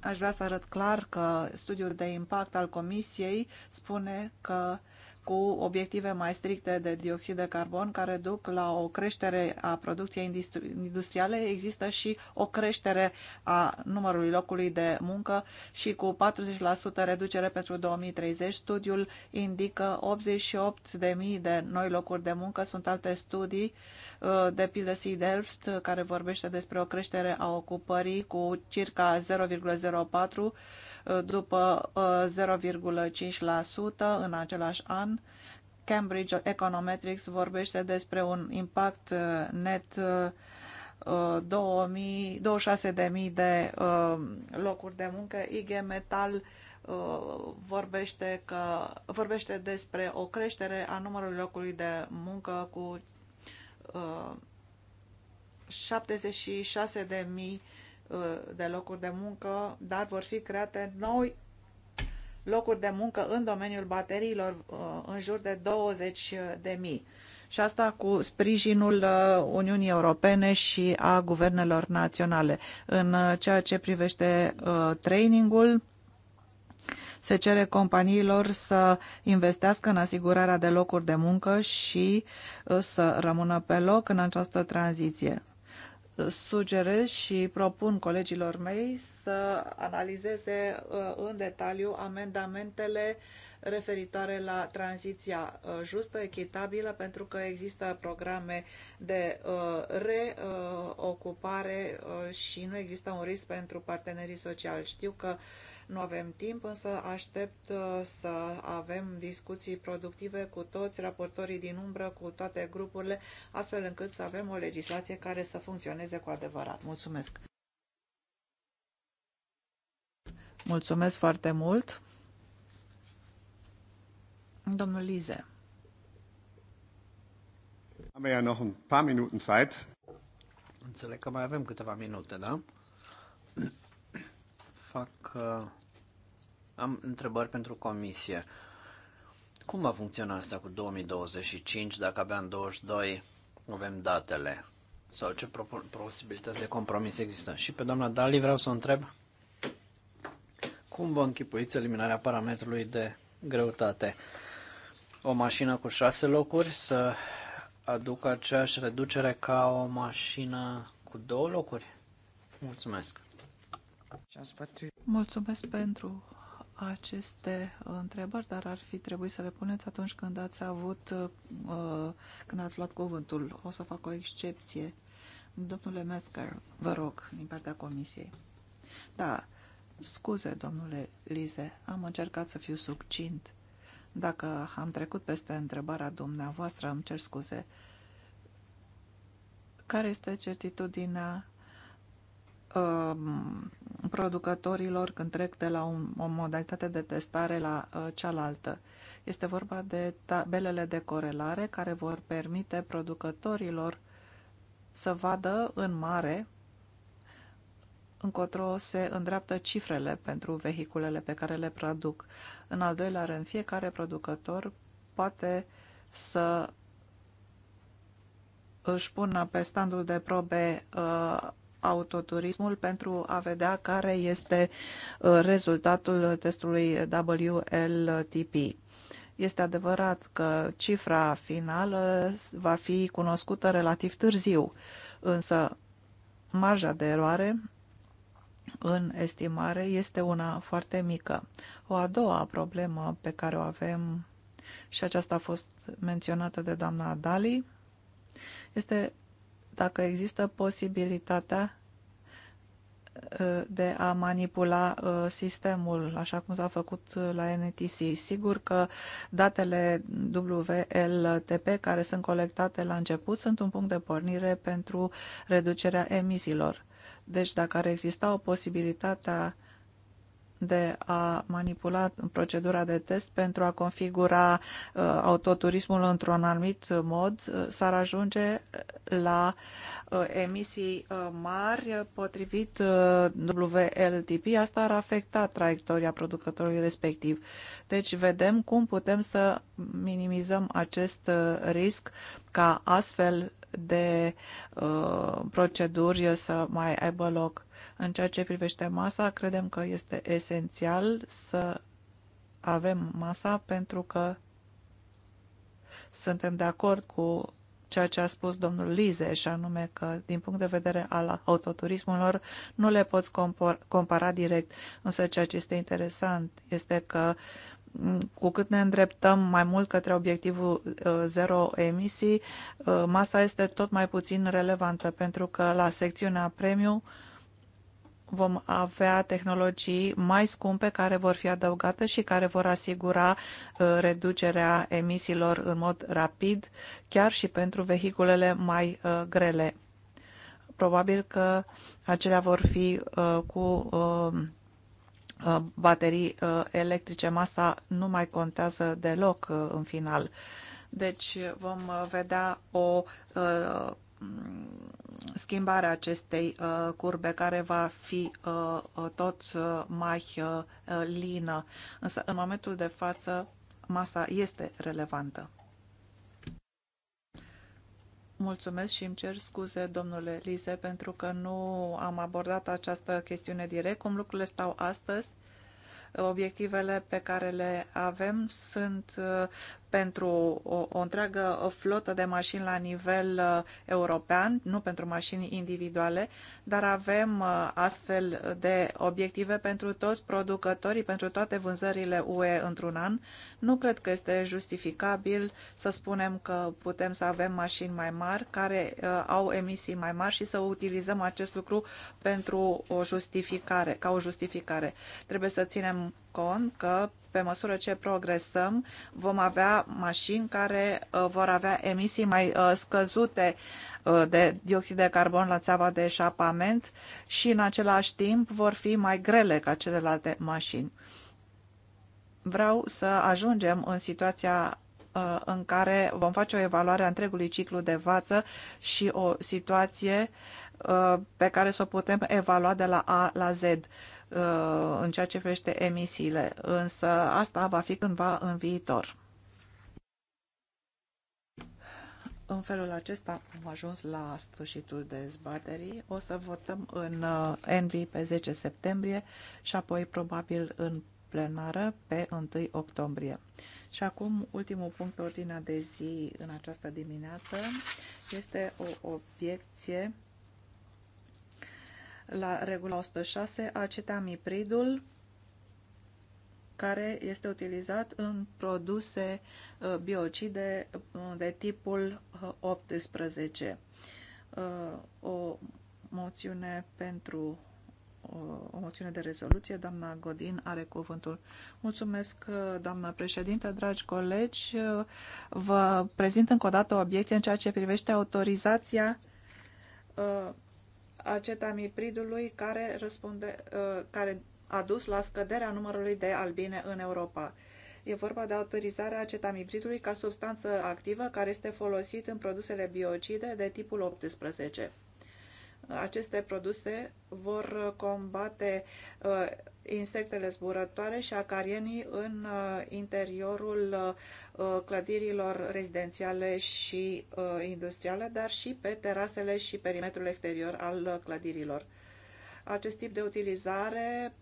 Aș vrea să arăt clar că studiul de impact al comisiei spune că uh, cu obiective mai stricte de dioxid de carbon care duc la o creștere a producției industriale, există și o creștere a numărului locului de muncă și cu 40% reducere pentru 2030. Studiul indică 88.000 de noi locuri de muncă. Sunt alte studii, uh, de pildă Sea Delft, care vorbește despre o creștere a ocupării cu circa 0,04 Uh, după 0,5% uh, în același an. Cambridge Econometrics vorbește despre un impact uh, net 2000, 26.000 de locuri de muncă. IG Metal vorbește, că, vorbește despre o creștere a numărului locului de muncă cu 76.000 Eh, de locuri de muncă, dar vor fi create noi locuri de muncă în domeniul bateriilor eh, în jur de 20 de mii. Și asta cu sprijinul eh, Uniunii Europene și a guvernelor naționale. În ceea ce privește trainingul, se cere companiilor să investească în asigurarea de locuri de muncă și să rămână pe loc în această tranziție sugerez și propun colegilor mei să analizeze uh, în detaliu amendamentele referitoare la tranziția uh, justă, echitabilă, pentru că există programe de uh, reocupare și nu există un risc pentru partenerii sociali. Știu că nu avem timp, însă aștept uh, să avem discuții productive cu toți raportorii din umbră, cu toate grupurile, astfel încât să avem o legislație care să funcționeze cu adevărat. Mulțumesc! Mulțumesc foarte mult! Domnul Lize. Am ja noch ein paar Minuten Zeit. Înțeleg că mai avem câteva minute, da? fac, uh, am întrebări pentru comisie. Cum va funcționa asta cu 2025 dacă abia în 22 avem datele? Sau ce posibilități de compromis există? Și pe doamna Dali vreau să o întreb cum vă închipuiți eliminarea parametrului de greutate? O mașină cu șase locuri să aducă aceeași reducere ca o mașină cu două locuri? Mulțumesc! Mulțumesc pentru aceste uh, întrebări, dar ar fi trebuit să le puneți atunci când ați avut, uh, când ați luat cuvântul. O să fac o excepție. Domnule Metzger, vă rog, din partea comisiei. Da, scuze, domnule Lize, am încercat să fiu succint. Dacă am trecut peste întrebarea dumneavoastră, îmi cer scuze. Care este certitudinea Um, producătorilor când trec de la o modalitate de testare la uh, cealaltă. Este vorba de tabelele de corelare care vor permite producătorilor să vadă în mare încotro se îndreaptă cifrele pentru vehiculele pe care le produc. În al doilea rând, fiecare producător poate să își pună pe standul de probe uh, autoturismul pentru a vedea care este uh, rezultatul testului WLTP. Este adevărat că cifra finală va fi cunoscută relativ târziu, însă marja de eroare în estimare este una foarte mică. O a doua problemă pe care o avem, și aceasta a fost menționată de doamna Dali, este dacă există posibilitatea ă, de a manipula ă, sistemul, așa cum s-a făcut ă, la NTC. Sigur că datele WLTP care sunt colectate la început sunt un punct de pornire pentru reducerea emisiilor. Deci dacă ar exista o posibilitate de a manipula procedura de test pentru a configura uh, autoturismul într-un anumit mod, uh, s-ar ajunge la uh, emisii uh, mari potrivit uh, WLTP. Asta ar afecta traiectoria producătorului respectiv. Deci vedem cum putem să minimizăm acest uh, risc ca astfel de uh, proceduri să mai aibă loc. În ceea ce privește masa, credem că este esențial să avem masa pentru că suntem de acord cu ceea ce a spus domnul Lize, și anume că, din punct de vedere al autoturismelor, nu le poți compara direct. Însă ceea ce este interesant este că uh, cu cât ne îndreptăm mai mult către obiectivul uh, zero emisii, uh, masa este tot mai puțin relevantă, pentru că la secțiunea premium vom avea tehnologii mai scumpe care vor fi adăugate și care vor asigura uh, reducerea emisiilor în mod rapid, chiar și pentru vehiculele mai grele. Probabil că acelea vor fi cu Uh, baterii uh, electrice, masa nu mai contează deloc uh, în final. Deci vom vedea o mm, schimbare a acestei curbe care va fi tot mai lină. Însă, în momentul de față, masa este relevantă. Mulțumesc și îmi cer scuze, domnule Lise, pentru că nu am abordat această chestiune direct. Cum lucrurile stau astăzi, obiectivele pe care le avem sunt pentru o, o întreagă flotă de mașini la nivel uh, european, nu pentru mașini individuale, dar avem uh, astfel de obiective pentru toți producătorii, pentru toate vânzările UE într-un an. Nu cred că este justificabil să spunem că putem să avem mașini mai mari care uh, au emisii mai mari și să utilizăm acest lucru pentru o justificare, ca o justificare. Trebuie să ținem cont că pe măsură ce progresăm vom avea mașini care uh, vor avea emisii mai uh, scăzute uh, de dioxid de carbon la țeava de eșapament și în același timp vor fi mai grele ca celelalte mașini. Vreau să ajungem în situația în care vom face o evaluare a întregului ciclu de vață și o situație pe care să o putem evalua de la A la Z. Uh, în ceea ce privește emisiile, însă asta va fi cândva în viitor. În felul acesta am ajuns la sfârșitul dezbaterii. O să votăm în uh, Envi pe 10 septembrie și apoi probabil în plenară pe 1 octombrie. Și acum, ultimul punct pe ordinea de zi în această dimineață este o obiecție la regula 106, acetamipridul care este utilizat în produse uh, biocide uh, de tipul 18. Uh, o moțiune pentru o moțiune de rezoluție. Doamna Godin are cuvântul. Mulțumesc, doamna președintă, dragi colegi. Vă prezint încă o dată o obiecție în ceea ce privește autorizația acetamipridului care, răspunde, uh, care a dus la scăderea numărului de albine în Europa. E vorba de autorizarea acetamipridului ca substanță activă care este folosit în produsele biocide de tipul 18. Aceste produse vor combate uh, insectele zburătoare și acarienii în uh, interiorul uh, clădirilor rezidențiale și industriale, dar și pe terasele și perimetrul exterior al clădirilor. Acest tip de utilizare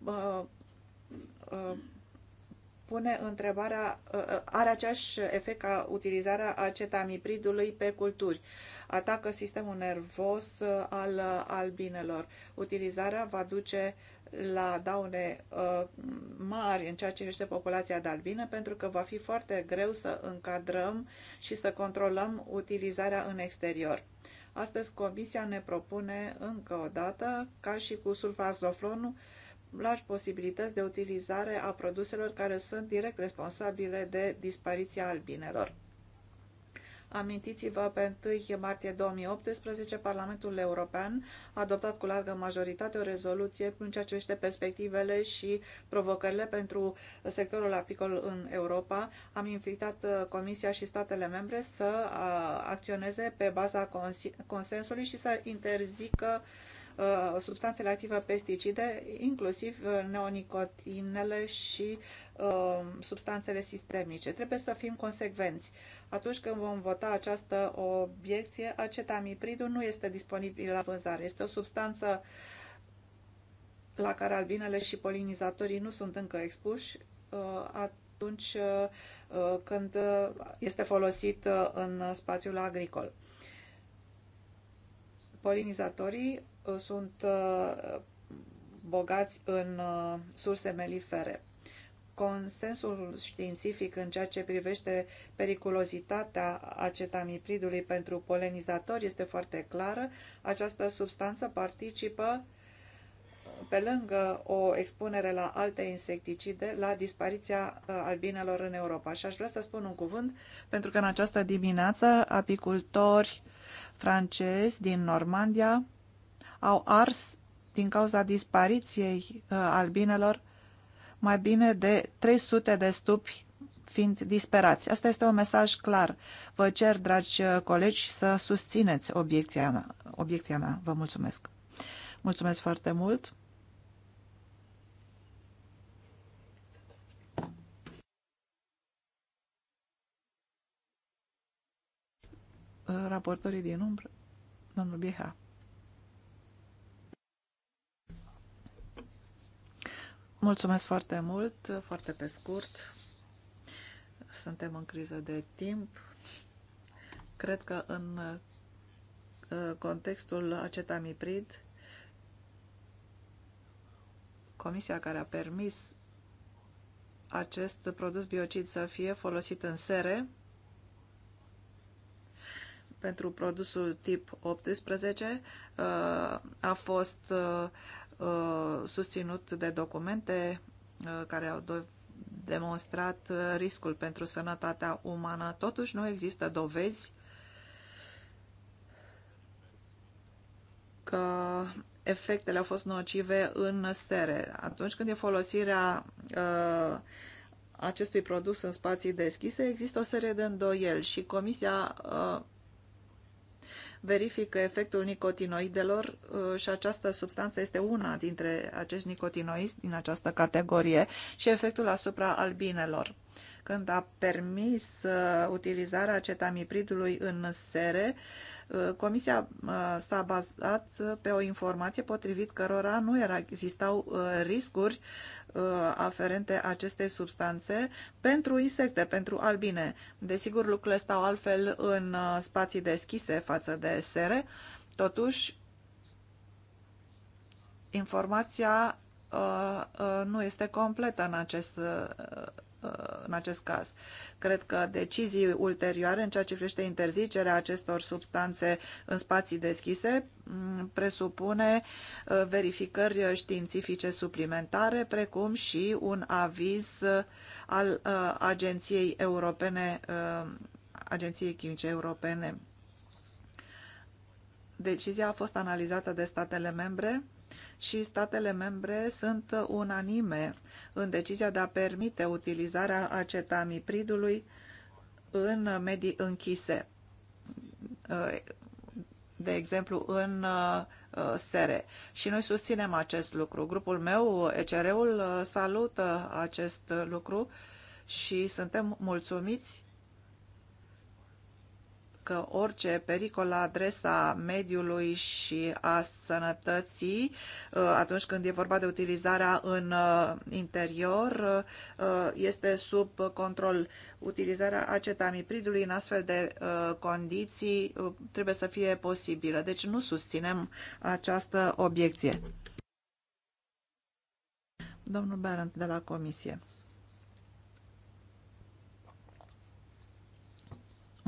pune întrebarea, are aceeași efect ca utilizarea acetamipridului pe culturi atacă sistemul nervos uh, al uh, albinelor. Utilizarea va duce la daune uh, mari în ceea ce privește populația de albine, pentru că va fi foarte greu să încadrăm și să controlăm utilizarea în exterior. Astăzi Comisia ne propune încă o dată, ca și cu sulfazoflonul, lași posibilități de utilizare a produselor care sunt direct responsabile de dispariția albinelor. Amintiți-vă, pe 1 martie 2018, Parlamentul European a adoptat cu largă majoritate o rezoluție în ceea ce privește perspectivele și provocările pentru sectorul apicol în Europa. Am invitat uh, Comisia și statele membre să uh, acționeze pe baza cons consensului și să interzică uh, substanțele active pesticide, inclusiv neonicotinele și uh, substanțele sistemice. Trebuie să fim consecvenți. Atunci când vom vota această obiecție, acetamipridul nu este disponibil la vânzare. Este o substanță la care albinele și polinizatorii nu sunt încă expuși uh, atunci uh, uh, când este folosit în spațiul agricol. Polinizatorii sunt bogați în surse melifere consensul științific în ceea ce privește periculozitatea acetamipridului pentru polenizatori este foarte clară. Această substanță participă pe lângă o expunere la alte insecticide, la dispariția uh, albinelor în Europa. Și aș vrea să spun un cuvânt, pentru că în această dimineață apicultori francezi din Normandia au ars din cauza dispariției uh, albinelor mai bine de 300 de stupi fiind disperați. Asta este un mesaj clar. Vă cer, dragi colegi, să susțineți obiecția mea. Obiecția mea. Vă mulțumesc. Mulțumesc foarte mult. Raportorii din umbră, domnul Bihar. Mulțumesc foarte mult, foarte pe scurt. Suntem în criză de timp. Cred că în uh, contextul acetamiprid, comisia care a permis acest produs biocid să fie folosit în sere pentru produsul tip 18 uh, a fost uh, Uh, susținut de documente uh, care au demonstrat uh, riscul pentru sănătatea umană. Totuși nu există dovezi că efectele au fost nocive în sere. Atunci când e folosirea acestui produs în spații deschise, există o serie de îndoieli și Comisia verifică efectul nicotinoidelor uh, și această substanță este una dintre acești nicotinoizi din această categorie și efectul asupra albinelor. Când a permis uh, utilizarea cetamipridului în sere, Uh, comisia uh, s-a bazat pe o informație potrivit cărora nu era, existau uh, riscuri aferente acestei substanțe pentru insecte, pentru albine. Desigur, lucrurile stau altfel în spații deschise față de sere, totuși informația nu este completă în acest Uh, în acest caz. Cred că decizii ulterioare în ceea ce privește interzicerea acestor substanțe în spații deschise mm, presupune uh, verificări științifice suplimentare, precum și un aviz uh, al Agenției Europene, Agenției Chimice Europene. Decizia a fost analizată de statele membre și statele membre sunt unanime în decizia de a permite utilizarea acetamipridului în medii închise, de exemplu în uh, sere. Și noi susținem acest lucru. Grupul meu, ECR-ul, salută acest lucru și suntem mulțumiți că orice pericol la adresa mediului și a sănătății, uh, atunci când e vorba de utilizarea în uh, interior, uh, este sub control. Utilizarea acetamipridului în astfel de condiții trebuie să fie posibilă. Deci nu susținem această obiecție. Domnul Berend de la Comisie.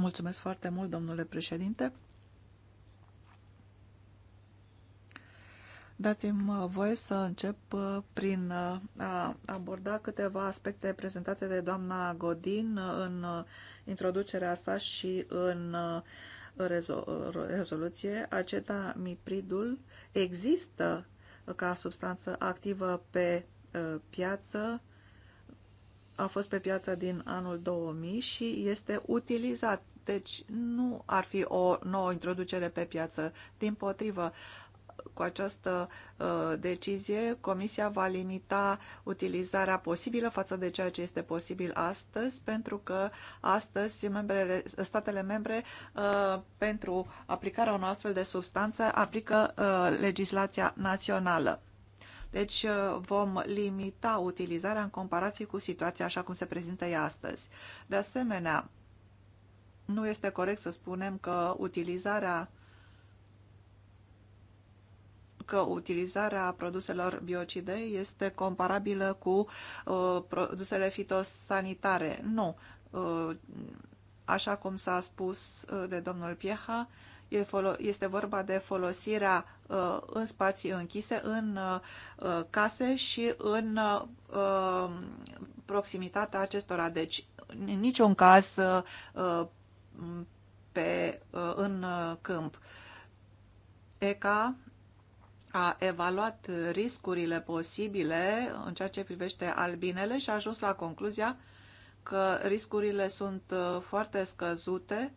Mulțumesc foarte mult, domnule președinte. Dați-mi uh, voie să încep uh, prin uh, a aborda câteva aspecte prezentate de doamna Godin în introducerea sa și în rezoluție. Aceta mipridul există ca substanță activă pe piață, a fost pe piață din anul 2000 și este utilizat deci nu ar fi o nouă introducere pe piață. Din potrivă, cu această uh, decizie, Comisia va limita utilizarea posibilă față de ceea ce este posibil astăzi, pentru că astăzi membrele, statele membre, uh, pentru aplicarea unor astfel de substanțe, aplică uh, legislația națională. Deci uh, vom limita utilizarea în comparație cu situația așa cum se prezintă ea astăzi. De asemenea, nu este corect să spunem că utilizarea că utilizarea produselor biocide este comparabilă cu uh, produsele fitosanitare. Nu. Uh, așa cum s-a spus uh, de domnul Pieha, este vorba de folosirea uh, în spații închise, în uh, case și în um, proximitatea acestora. Deci, în niciun caz pe, uh, în uh, câmp. ECA a evaluat riscurile posibile în ceea ce privește albinele și a ajuns la concluzia că riscurile sunt uh, foarte scăzute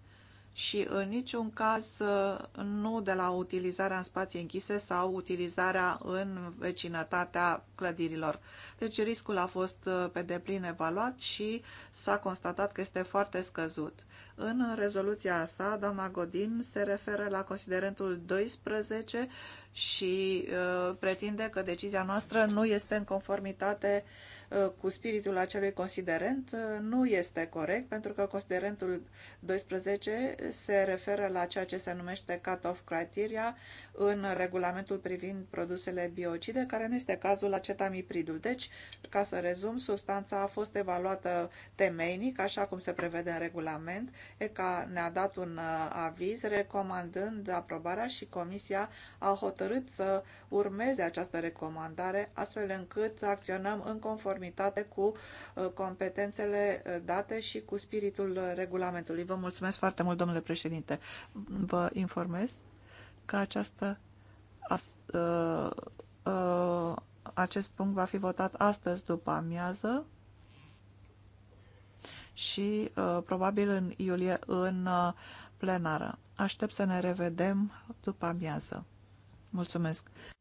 și în niciun caz uh, nu de la utilizarea în spații închise sau utilizarea în vecinătatea clădirilor. Deci riscul a fost uh, pe deplin evaluat și s-a constatat că este foarte scăzut. În rezoluția sa, doamna Godin se referă la considerentul 12 și uh, pretinde că decizia noastră nu este în conformitate uh, cu spiritul acelui considerent uh, nu este corect, pentru că considerentul 12 se referă la ceea ce se numește cut-off criteria în regulamentul privind produsele biocide, care nu este cazul acetamipridul. Deci, ca să rezum, substanța a fost evaluată temeinic, așa cum se prevede în regulament. ECA ne-a dat un uh, aviz recomandând aprobarea și Comisia a hotărât să urmeze această recomandare, astfel încât acționăm în conform conformitate cu uh, competențele uh, date și cu spiritul uh, regulamentului. Vă mulțumesc foarte mult, domnule președinte. Vă informez că această, acest punct va fi votat astăzi după amiază și probabil în iulie în plenară. Aștept să ne revedem după amiază. Mulțumesc!